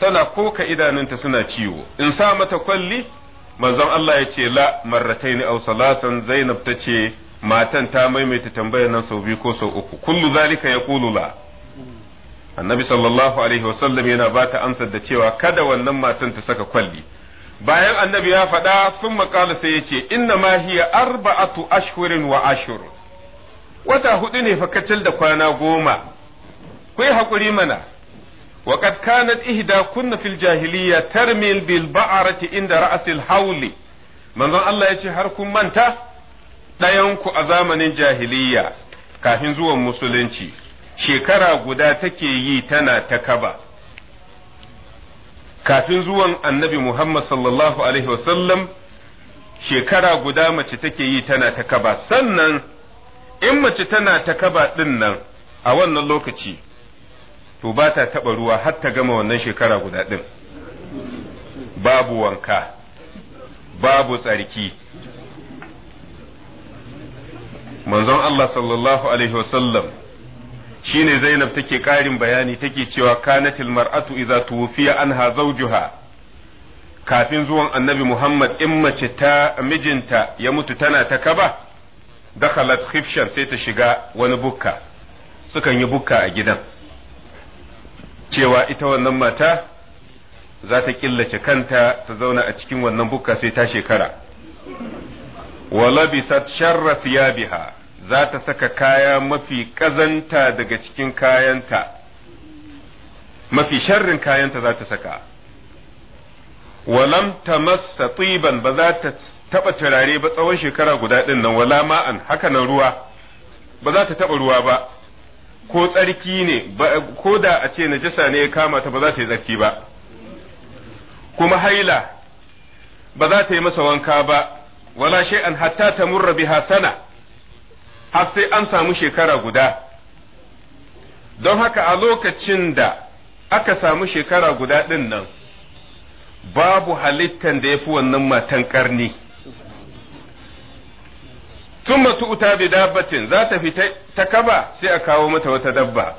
S1: tana koka idanunta suna ciwo in sa mata kwalli manzon Allah ya ce la ni au salatan zainab ta ce matan ta maimaita tambayar nan sau biyu ko sau uku kullu zalika Kulu la annabi sallallahu alaihi wasallam yana bata amsar da cewa kada wannan matan ta saka kwalli bayan annabi ya faɗa sun maƙala sai ya ce inna ma hiya arba'atu ashhurin wa ashhurun wata hudu ne fa kacal da kwana goma ku yi haƙuri mana وقد كانت إهدا كن في الجاهلية ترمي بالبعرة عند رأس Allah ya ce har kun manta ɗayanku a zamanin jahiliya kafin zuwan musulunci shekara guda take yi tana ta kaba kafin zuwan annabi Muhammad sallallahu Alaihi wasallam shekara guda mace take yi tana ta kaba sannan in mace tana ta kaba ɗin nan a wannan lokaci to ba ta taɓa ruwa har ta gama wannan shekara guda ɗin babu wanka babu tsarki manzon Allah sallallahu alaihi wasallam shine Zainab take ƙarin bayani take cewa kanatil mar'atu idza tuwfiya anha zawjuha kafin zuwan annabi Muhammad in mace ta mijinta ya mutu tana ta kaba dakhalat khifshan sai ta shiga wani bukka sukan yi bukka a gidan cewa ita wannan mata za ta killace kanta ta zauna a cikin wannan bukka sai ta shekara Walabisat sharraf sharra zata za ta saka kaya mafi kazanta daga cikin kayanta mafi sharrin kayanta za ta saka walam tamassa tsiban ba za ta taɓa turare ba tsawon shekara guda din nan wala ma'an haka nan ruwa ba za ta taɓa ruwa ba ko tsarki ne ko da a ce najasa ne ya kama ta ba za ta yi tsarki ba kuma haila ba za ta yi masa wanka ba wala shay'an hatta tamurra biha sana har sai an samu shekara guda don haka a lokacin da aka samu shekara guda din nan babu halittan da ya fi wannan matan ƙarni. tun matu uta bi dabbatin za ta fita ta kaba sai a kawo mata wata dabba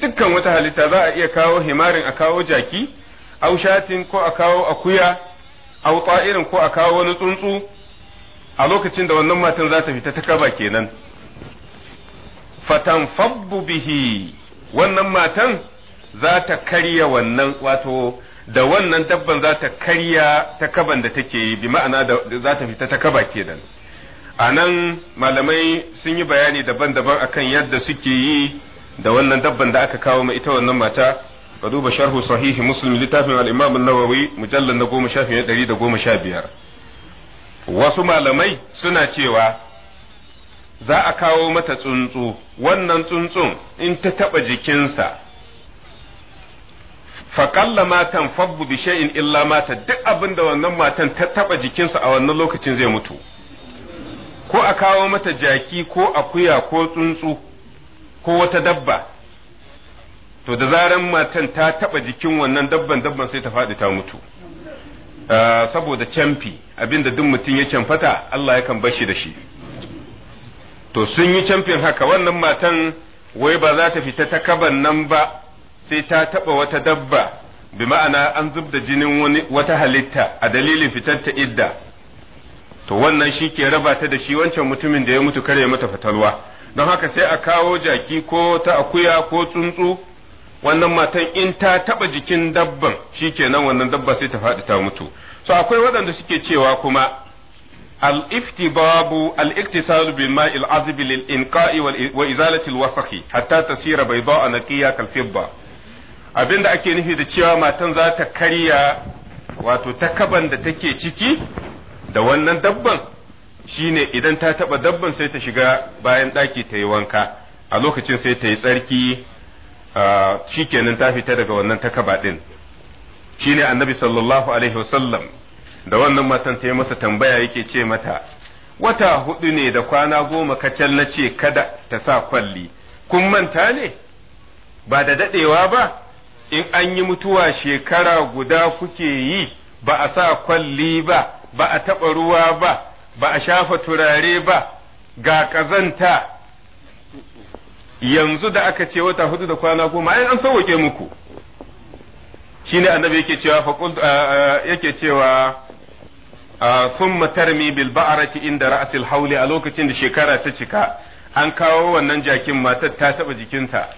S1: dukkan wata halitta za a iya kawo himarin a kawo jaki au shatin ko a kawo akuya au tsa'irin ko a kawo wani tsuntsu a lokacin da wannan matan za ta fita ta kaba kenan fatan fabbu bihi wannan matan za ta karya wannan wato da wannan dabban za ta karya ta kaban da take yi bi ma'ana za ta fita ta kaba kenan a nan malamai sun yi bayani daban-daban akan yadda suke yi da wannan dabban da aka kawo ma ita wannan mata ka duba sharhu sahihi muslim littafin al-imam an-nawawi mujallal na goma shafi biyar wasu malamai suna cewa za a kawo mata tsuntsu wannan tsuntsun in ta taɓa jikinsa faƙalla matan fabbu bi illa mata duk abinda wannan matan ta taɓa jikinsa a wannan lokacin zai mutu ko a kawo mata jaki ko akuya ko tsuntsu ko wata dabba to da zaran matan ta taba jikin wannan dabban dabban sai ta faɗi ta mutu ah, saboda camfi abinda duk mutum ya canfata Allah ya yakan bashi da shi to sun yi camfin haka wannan matan wai ba za ta fita ta kaban nan ba sai ta taba wata dabba bi ma'ana an zubda jinin wani wata halitta a dalilin fitar ta idda to wannan shi ke raba ta da shi wancan mutumin da ya mutu kare mata fatalwa don haka sai a kawo jaki ko ta akuya ko tsuntsu wannan matan in ta taba jikin dabban shi kenan wannan dabba sai ta faɗi ta mutu so akwai waɗanda suke cewa kuma al-iftibabu al-iktisalu bi ma'il azbi lil inqa'i wa izalati al wasakh hatta tasira bayda'a naqiya kal fidda abinda ake nufi da cewa matan za ta karya wato takaban da take ciki da wannan dabban shine idan ta taɓa dabban sai ta shiga bayan ɗaki ta yi wanka a lokacin sai ta yi tsarki shikenan ta fita daga wannan takaba ɗin shine annabi sallallahu alaihi wasallam da wannan matan ta yi masa tambaya yake ce mata wata hudu ne da kwana goma kacal na ce kada ta sa kwalli kun manta ne ba da daɗewa ba in an yi mutuwa shekara guda kuke yi ba a sa kwalli ba ba a taɓa ruwa ba ba a shafa turare ba ga ƙazanta yanzu da aka ce wata hudu da kwana goma ai an sauwake muku shi ne annabi yake cewa yake cewa thumma tarmi bil inda ra'sil hauli a lokacin da shekara ta cika an kawo wannan jakin matar ta taɓa jikinta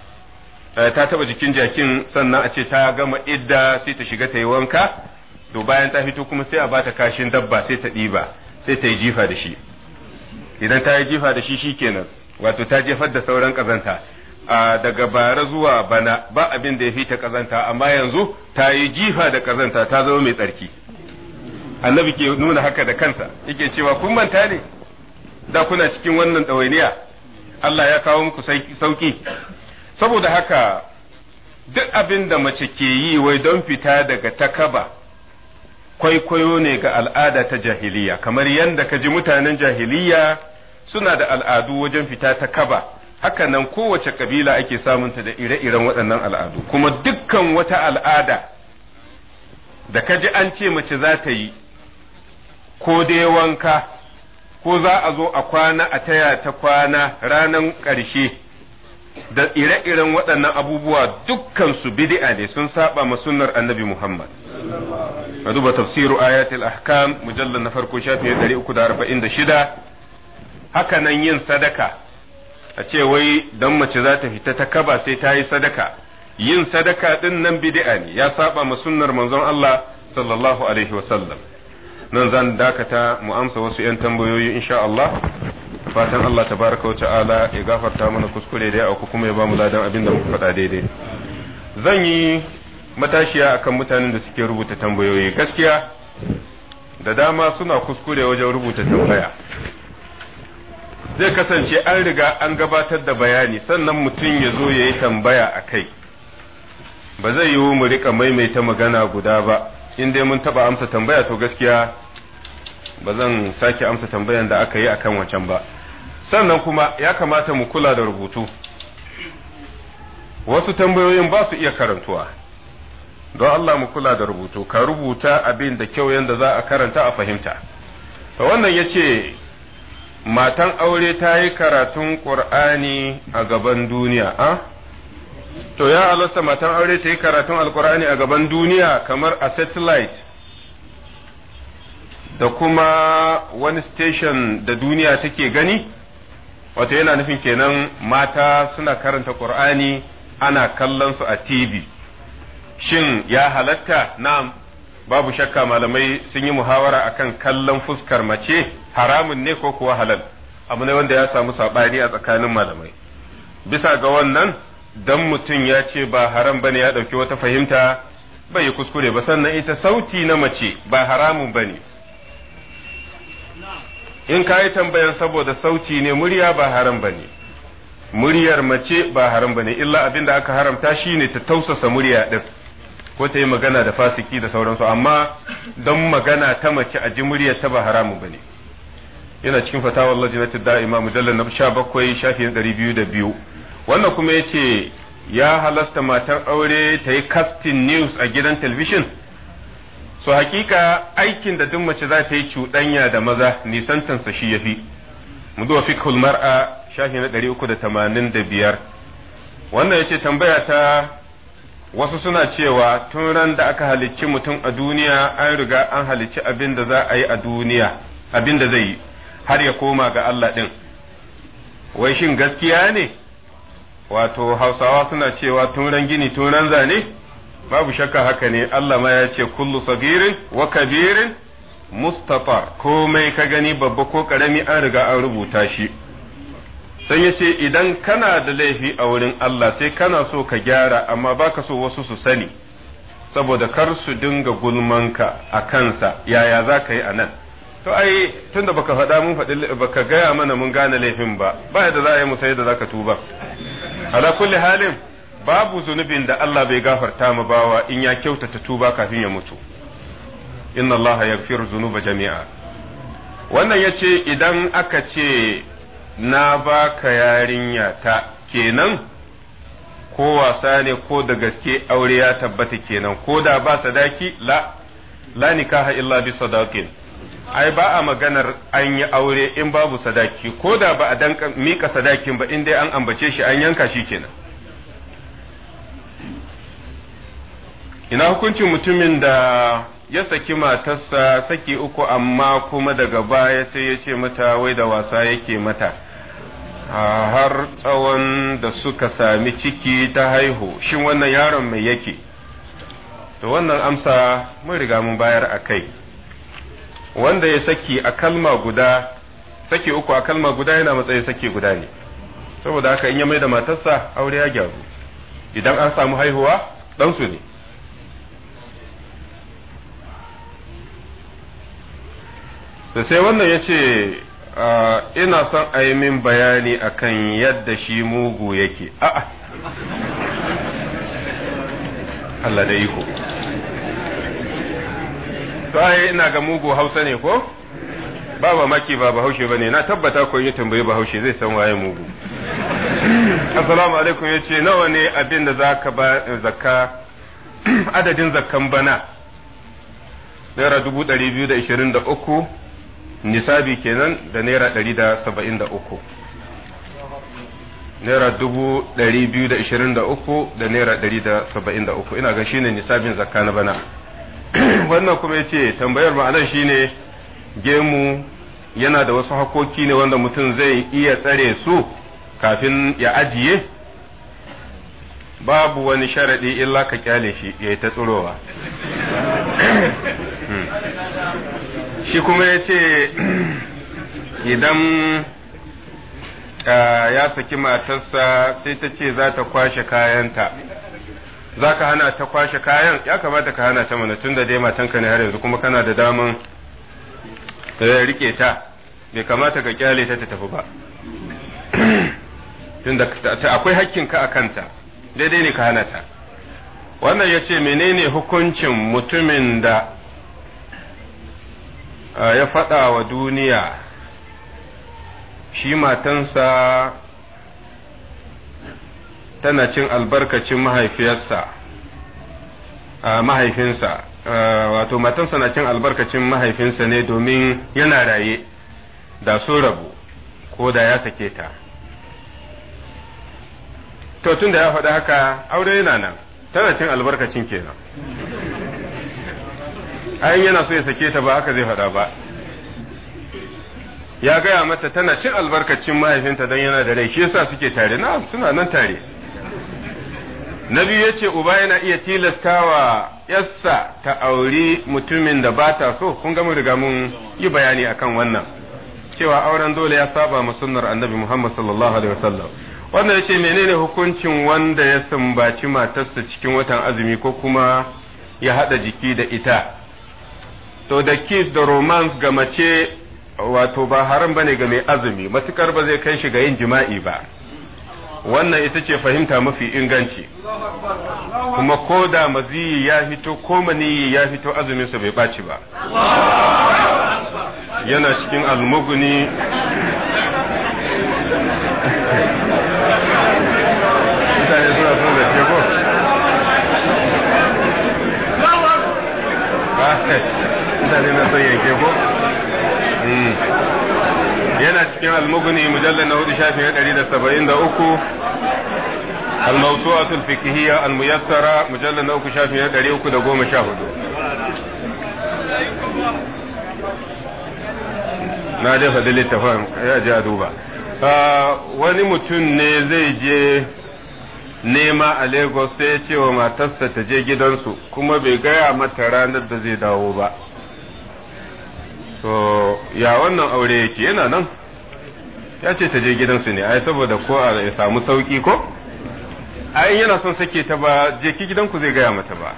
S1: eh, ta taba jikin jakin sannan a ce ta gama idda sai ta shiga ta yi wanka to bayan ta fito kuma sai a bata kashin dabba sai ta ɗiba sai ta yi jifa da shi idan ta yi jifa da shi kenan wato ta jefar da sauran kazanta daga bara zuwa bana ba abin da ya fi ta kazanta amma yanzu ta yi jifa da kazanta ta zama mai tsarki annabi ke nuna haka da kansa yake cewa kun manta ne da kuna cikin wannan ɗawainiya Allah ya kawo muku sauki saboda haka duk abin da mace ke yi wai don fita daga takaba kwaikwayo ne ga al'ada ta jahiliya kamar yadda ka ji mutanen jahiliya suna da al'adu wajen fita ta kaba haka nan kowace kabila ake samunta da ire-iren waɗannan al'adu kuma dukkan wata al'ada da ka ji an ce mace za ta yi ko dai wanka ko za a zo a kwana a taya ta kwana ranan ƙarshe da ire-iren waɗannan abubuwa dukkansu bid'a ne sun saba ma sunnar annabi Muhammad. A duba tafsiru ayatul ahkam mujallar na farko shafi 346 haka nan yin sadaka a ce wai dan mace za ta fita ta kaba sai ta yi sadaka yin sadaka din nan bid'a ne ya saba ma sunnar manzon Allah sallallahu alaihi sallam. nan zan dakata mu amsa wasu 'yan tambayoyi insha Allah fatan Allah tabaraka wa ta'ala ya gafarta mana kuskure da ya auku kuma ya ba mu ladan abin da muka faɗa daidai zan yi matashiya akan mutanen da suke rubuta tambayoyi gaskiya da dama suna kuskure wajen rubuta tambaya zai kasance an riga an gabatar da bayani sannan mutum ya zo ya yi tambaya a kai ba zai yiwu mu rika maimaita magana guda ba in dai mun taba amsa tambaya to gaskiya ba zan sake amsa tambayan da aka yi a kan wancan ba sannan kuma ya kamata mu kula da rubutu wasu tambayoyin ba su iya karantuwa don Allah mu kula da rubutu ka rubuta abin da kyau yadda za a karanta a fahimta to wannan ya ce matan aure ta yi karatun ƙur'ani a gaban duniya ah? to ya alasta matan aure ta yi karatun alkur'ani a gaban duniya kamar a satellite da kuma wani station da duniya take gani wato yana nufin kenan mata suna karanta qur'ani ana kallon su a tv shin ya halatta na'am babu shakka malamai sun yi muhawara akan kallon fuskar mace haramun ne ko kuwa halal abu ne wanda ya samu saɓani a tsakanin malamai bisa ga wannan dan mutum ya ce ba haram bane ya ɗauki wata fahimta bai yi kuskure ba sannan ita sauti na mace ba haramun bane in ka yi saboda sauti ne murya ba haram bane muryar mace ba haram bane illa abin da aka haramta shine ta tausasa murya din ko ta yi magana da fasiki da sauransu amma don magana ta mace a ji muryar ta ba haramun bane yana cikin fatawar lajinatu da'ima mujallal na 17 shafin 202 wannan kuma ya ce ya halasta matar aure ta yi kastin news a gidan talbishin su hakika aikin da duk mace za ta yi cuɗanya da maza nisantansa shi ya fi muduwa fikhul mar'a shafi da biyar. wannan ya ce tambaya ta wasu suna cewa tun ran da aka halicci mutum a duniya an riga an halicci abin da za a yi a duniya abin da zai yi har ya koma ga Allah ɗin wai shin gaskiya ne wato hausawa suna cewa turan gini turan zane babu shakka haka ne Allah ma ya ce kullu sagirin wa kabirin mustafa komai ka gani babba ko karami an riga an rubuta shi sai ya ce idan kana da laifi a wurin Allah sai kana so ka gyara amma baka so wasu su sani saboda kar su dinga gulmanka a kansa yaya za ka yi a nan to ai tunda baka faɗa mun faɗi baka gaya mana mun gane laifin ba ba yadda za a yi mu sai da zaka tuba ala kulli halin babu zunubin da Allah bai gafarta ma bawa in ya kyautata tuba kafin ya mutu inna Allah yaghfiru zunuba jami'a wannan yace idan aka ce na baka yarinya ta kenan ko wasa ne ko da gaske aure ya tabbata kenan ko da ba sadaki la la nikaha illa bi sadaqin ai ba a maganar an yi aure in babu sadaki ko da ba a danka mika sadakin ba in dai an ambace shi an yanka shi kenan ina hukuncin mutumin da ya saki matarsa saki uku amma kuma daga baya sai ya ce mata wai da wasa yake mata har tsawon da suka sami ciki ta haihu shin wannan yaron mai yake to wannan amsa mun riga mun bayar a kai wanda ya saki a kalma guda saki uku a kalma guda yana matsayin saki guda ne saboda haka in ya mai da matarsa aure ya gyaru idan an samu haihuwa ɗansu ne da sai wannan ya ce ina son a yi min bayani akan yadda shi mugu yake a'a Allah da iko to ai ina ga mugu Hausa ne ko ba ba maki ba haushe bane na tabbata ko ya tambayi Bahaushe zai san waye mugu assalamu alaikum yace nawa ne abin da zaka ba zakka adadin zakkan bana naira dubu ɗari biyu da ishirin da uku nisabi kenan da naira ɗari da saba'in da uku naira dubu ɗari biyu da ishirin da uku da naira ɗari da saba'in da uku ina ga shine nisabin zakka na bana wannan kuma ya ce tambayar ma'anar shi ne gemu yana da wasu hakoki ne wanda mutum zai iya tsare su kafin ya ajiye babu wani sharaɗi illa ka kyale shi ya yi ta tsirowa hmm. shi kuma ya ce idan ah, ya saki matarsa sai ta ce za ta kwashe kayanta za ka hana ta kwashe kayan ya kamata ka hana ta mana tun da dai matanka ne har yanzu kuma kana da daman eh, rike ta bai kamata ka kyale ta ta tafi ba tun da akwai hakkinka a kanta daidai ne ka hana ta wannan ya ce menene hukuncin mutumin da eh, ya faɗa wa duniya shi matansa tana cin albarkacin mahaifiyarsa mahaifinsa wato matansa na cin albarkacin mahaifinsa ne domin yana raye da sun rabu ko da ya sake ta to tun da ya faɗi haka aure yana nan tana cin albarkacin kenan ayin yana so ya sake ta ba haka zai faɗa ba ya gaya mata tana cin albarkacin mahaifinta don yana da rai shi yasa suke tare na suna nan tare na biyu ce uba yana iya tilastawa yassa ta auri mutumin da ba ta so kun ga mun riga mun yi bayani akan wannan cewa auren dole ya saba ma sunnar annabi Muhammad sallallahu alaihi wasallam wannan yace menene hukuncin wanda ya sumbaci matarsa cikin watan azumi ko kuma ya hada jiki da ita to da kiss da romance ga mace wato ba haram bane ga mai azumi matukar ba zai kai shi ga yin jima'i ba wannan ita ce fahimta mafi inganci kuma ko da maziyi ya fito ko maniyi ya fito azuminsa bai baci ba yana cikin almuguni mutane na son yanke ko cikin almuguni mujallar na hudu shafi na ɗari da saba'in da uku na الفقهية الميسرة na ɗari uku da goma sha hudu. na dai faɗi littafin ya ji a duba ah, wani mutum ne zai je nema a lagos sai ya ce wa matarsa ta je gidansu kuma bai gaya mata ranar da zai dawo ba to ya wannan aure yake yana nan ya ce ta je gidansu ne ai saboda ko a ya samu sauki ko ai yana son sake ta ba je ki gidanku zai gaya mata ba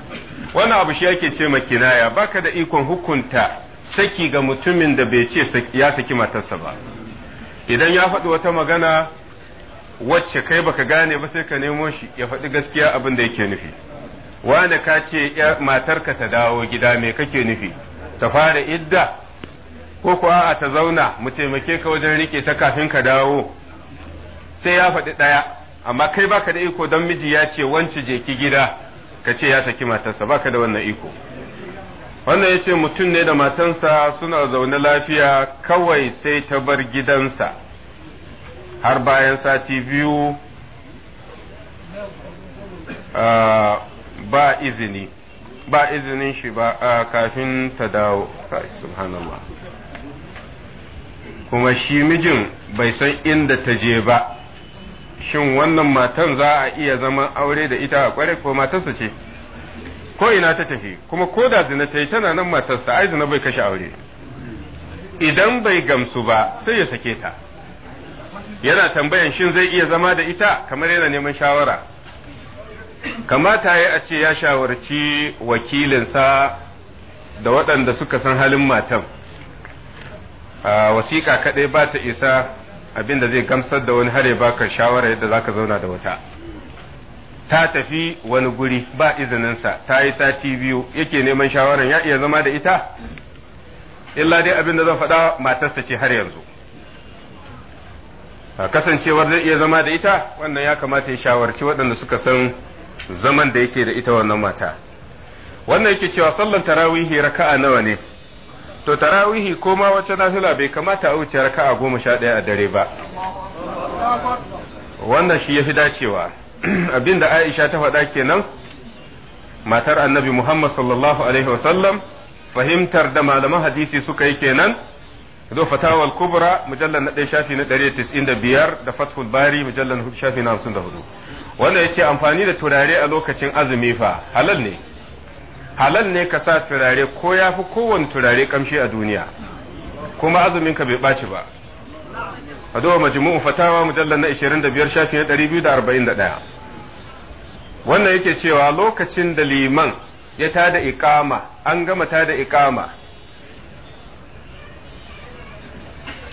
S1: wannan abu shi yake ce makinaya baka da ikon hukunta saki ga mutumin da bai ce ya saki matarsa ba idan ya faɗi wata magana wacce kai baka gane ba sai ka nemo shi ya faɗi gaskiya abin da yake nufi wane ka ce matarka ta dawo gida me kake nufi ta fara idda ko ku a'a ta zauna mu taimake ka wajen rike ta kafin ka dawo sai ya faɗi ɗaya amma kai baka da iko don miji ya ce wance je ki gida ka ce ya saki matarsa baka da wannan iko wannan ya ce mutum ne da matansa suna zaune lafiya kawai sai ta bar gidansa har bayan sati biyu ba izini ba izinin shi ba kafin ta dawo subhanallah kuma shi mijin bai san inda ta je ba shin wannan matan za a iya zama aure da ita a kware ko matarsa ce ko ina ta tafi kuma ko da zina ta yi tana nan matarsa ai zina bai kashe aure idan bai gamsu ba sai ya sake ta yana tambayan shin zai iya zama da ita kamar yana neman shawara kamata ya a ce ya shawarci wakilinsa da waɗanda suka san halin matan wasiƙa kaɗai ba ta isa abin da zai gamsar da wani ya baka shawara yadda zaka zauna da wata ta tafi wani guri ba izininsa ta yi sati biyu yake neman shawaran ya iya zama da ita illa dai abin da zan faɗa matarsa ce har yanzu kasancewar zai iya zama da ita wannan ya kamata ya shawarci waɗanda suka san zaman da yake da ita wannan mata wannan yake cewa sallan tarawihi raka'a nawa ne to tarawihi ko ma wata nafila bai kamata a wuce raka'a goma sha ɗaya a dare ba wannan shi ya fi dacewa abinda aisha ta faɗa kenan matar annabi muhammad sallallahu alaihi wasallam fahimtar da malaman hadisi suka yi kenan zo fatawal kubra mujallar na ɗaya shafi na ɗari tis'in da biyar da fathul bari mujallar shafi na hamsin da hudu wanda ya ce amfani da turare a lokacin azumi fa halal ne halal ne ka sa turare ko ya fi kowane turare kamshi a duniya kuma azumin ka bai ɓaci ba a zuwa majmu'u fatawa mujallar na 25 shafi na 241 wannan yake cewa lokacin da liman ya tada ikama an gama tada iƙama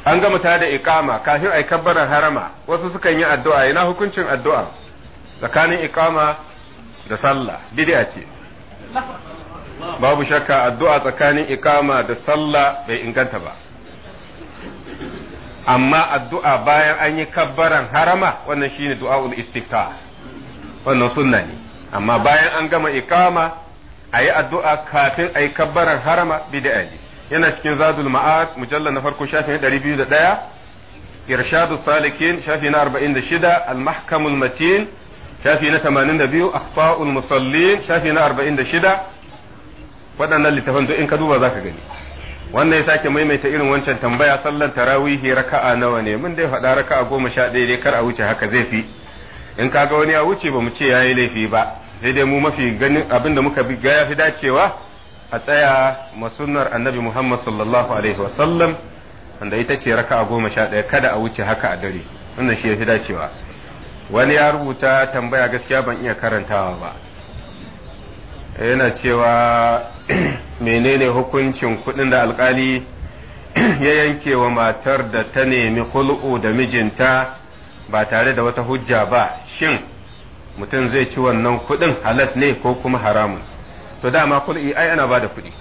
S1: an gama tada ikama kafin ai kabbarar harama wasu sukan yi addu'a ina hukuncin addu'a tsakanin iƙama da sallah bid'a ce babu shakka addu'a tsakanin ikama da sallah bai inganta ba amma addu'a bayan an yi kabbaran harama wannan shine du'a'ul istifta wannan sunna ne amma bayan an gama ikama a yi addu'a kafin a yi kabbaran harama bid'a ne yana cikin zadul ma'ad mujallar na farko shafin 201 irshadu salikin shafi na 46 al-mahkamul matin shafi na 82 akhfaul musallin shafi na 46 waɗannan littafan duk in ka duba zaka gani wannan ya sake maimaita irin wancan tambaya sallan tarawihi raka'a nawa ne mun dai faɗa raka'a goma sha ɗaya dai kar a wuce haka zai fi in ka ga wani ya wuce ba mu ce ya yi laifi ba sai dai mu mafi ganin abin da muka ga ya fi dacewa a tsaya masunnar annabi Muhammad sallallahu alaihi wasallam wanda ita ce raka'a goma sha ɗaya kada a wuce haka a dare wannan shi ya fi dacewa wani ya rubuta tambaya gaskiya ban iya karantawa ba yana cewa menene hukuncin kudin da alkali ya yanke wa matar da ta nemi hul'u da mijinta ba tare da wata hujja ba shin mutum zai ci wannan kudin halas ne ko kuma haramun to dama kul'i ai ana ba da kudi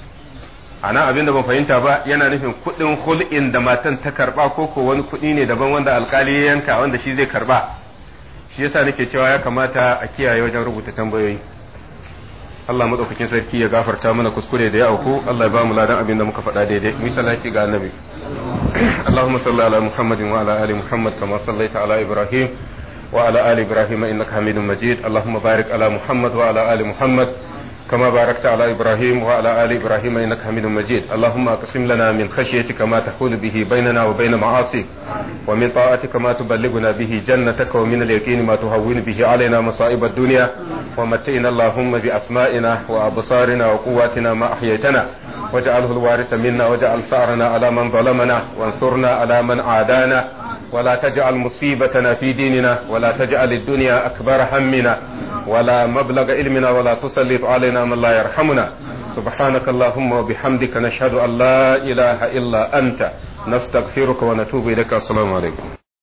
S1: ana abin da ban fahimta ba yana nufin kudin hul'in da matan ta karba ko ko wani kudi ne daban wanda alkali ya yanka wanda shi zai karba shi yasa nake cewa ya kamata a kiyaye wajen rubuta tambayoyi Allah madaukakin sarki ya gafarta mana kuskure da ya auku Allah ya ba mu ladan abin da muka faɗa daidai mu salati ga annabi Allahumma salli ala Muhammadin wa ala ali Muhammad kama sallaita ala Ibrahim wa ala ali Ibrahim innaka Hamidum Majid Allahumma barik ala Muhammad wa ala ali Muhammad كما باركت على إبراهيم وعلى آل إبراهيم إنك حميد مجيد اللهم أقسم لنا من خشيتك ما تحول به بيننا وبين معاصيك ومن طاعتك ما تبلغنا به جنتك ومن اليقين ما تهون به علينا مصائب الدنيا ومتئنا اللهم بأسمائنا وأبصارنا وقواتنا ما أحييتنا واجعله الوارث منا واجعل ثأرنا على من ظلمنا وانصرنا على من عادانا ولا تجعل مصيبتنا في ديننا ولا تجعل الدنيا أكبر همنا ولا مبلغ علمنا ولا تسلط علينا يرحمنا من لا يرحمنا سبحانك اللهم وبحمدك نشهد أن لا إله إلا أنت نستغفرك ونتوب إليك السلام عليكم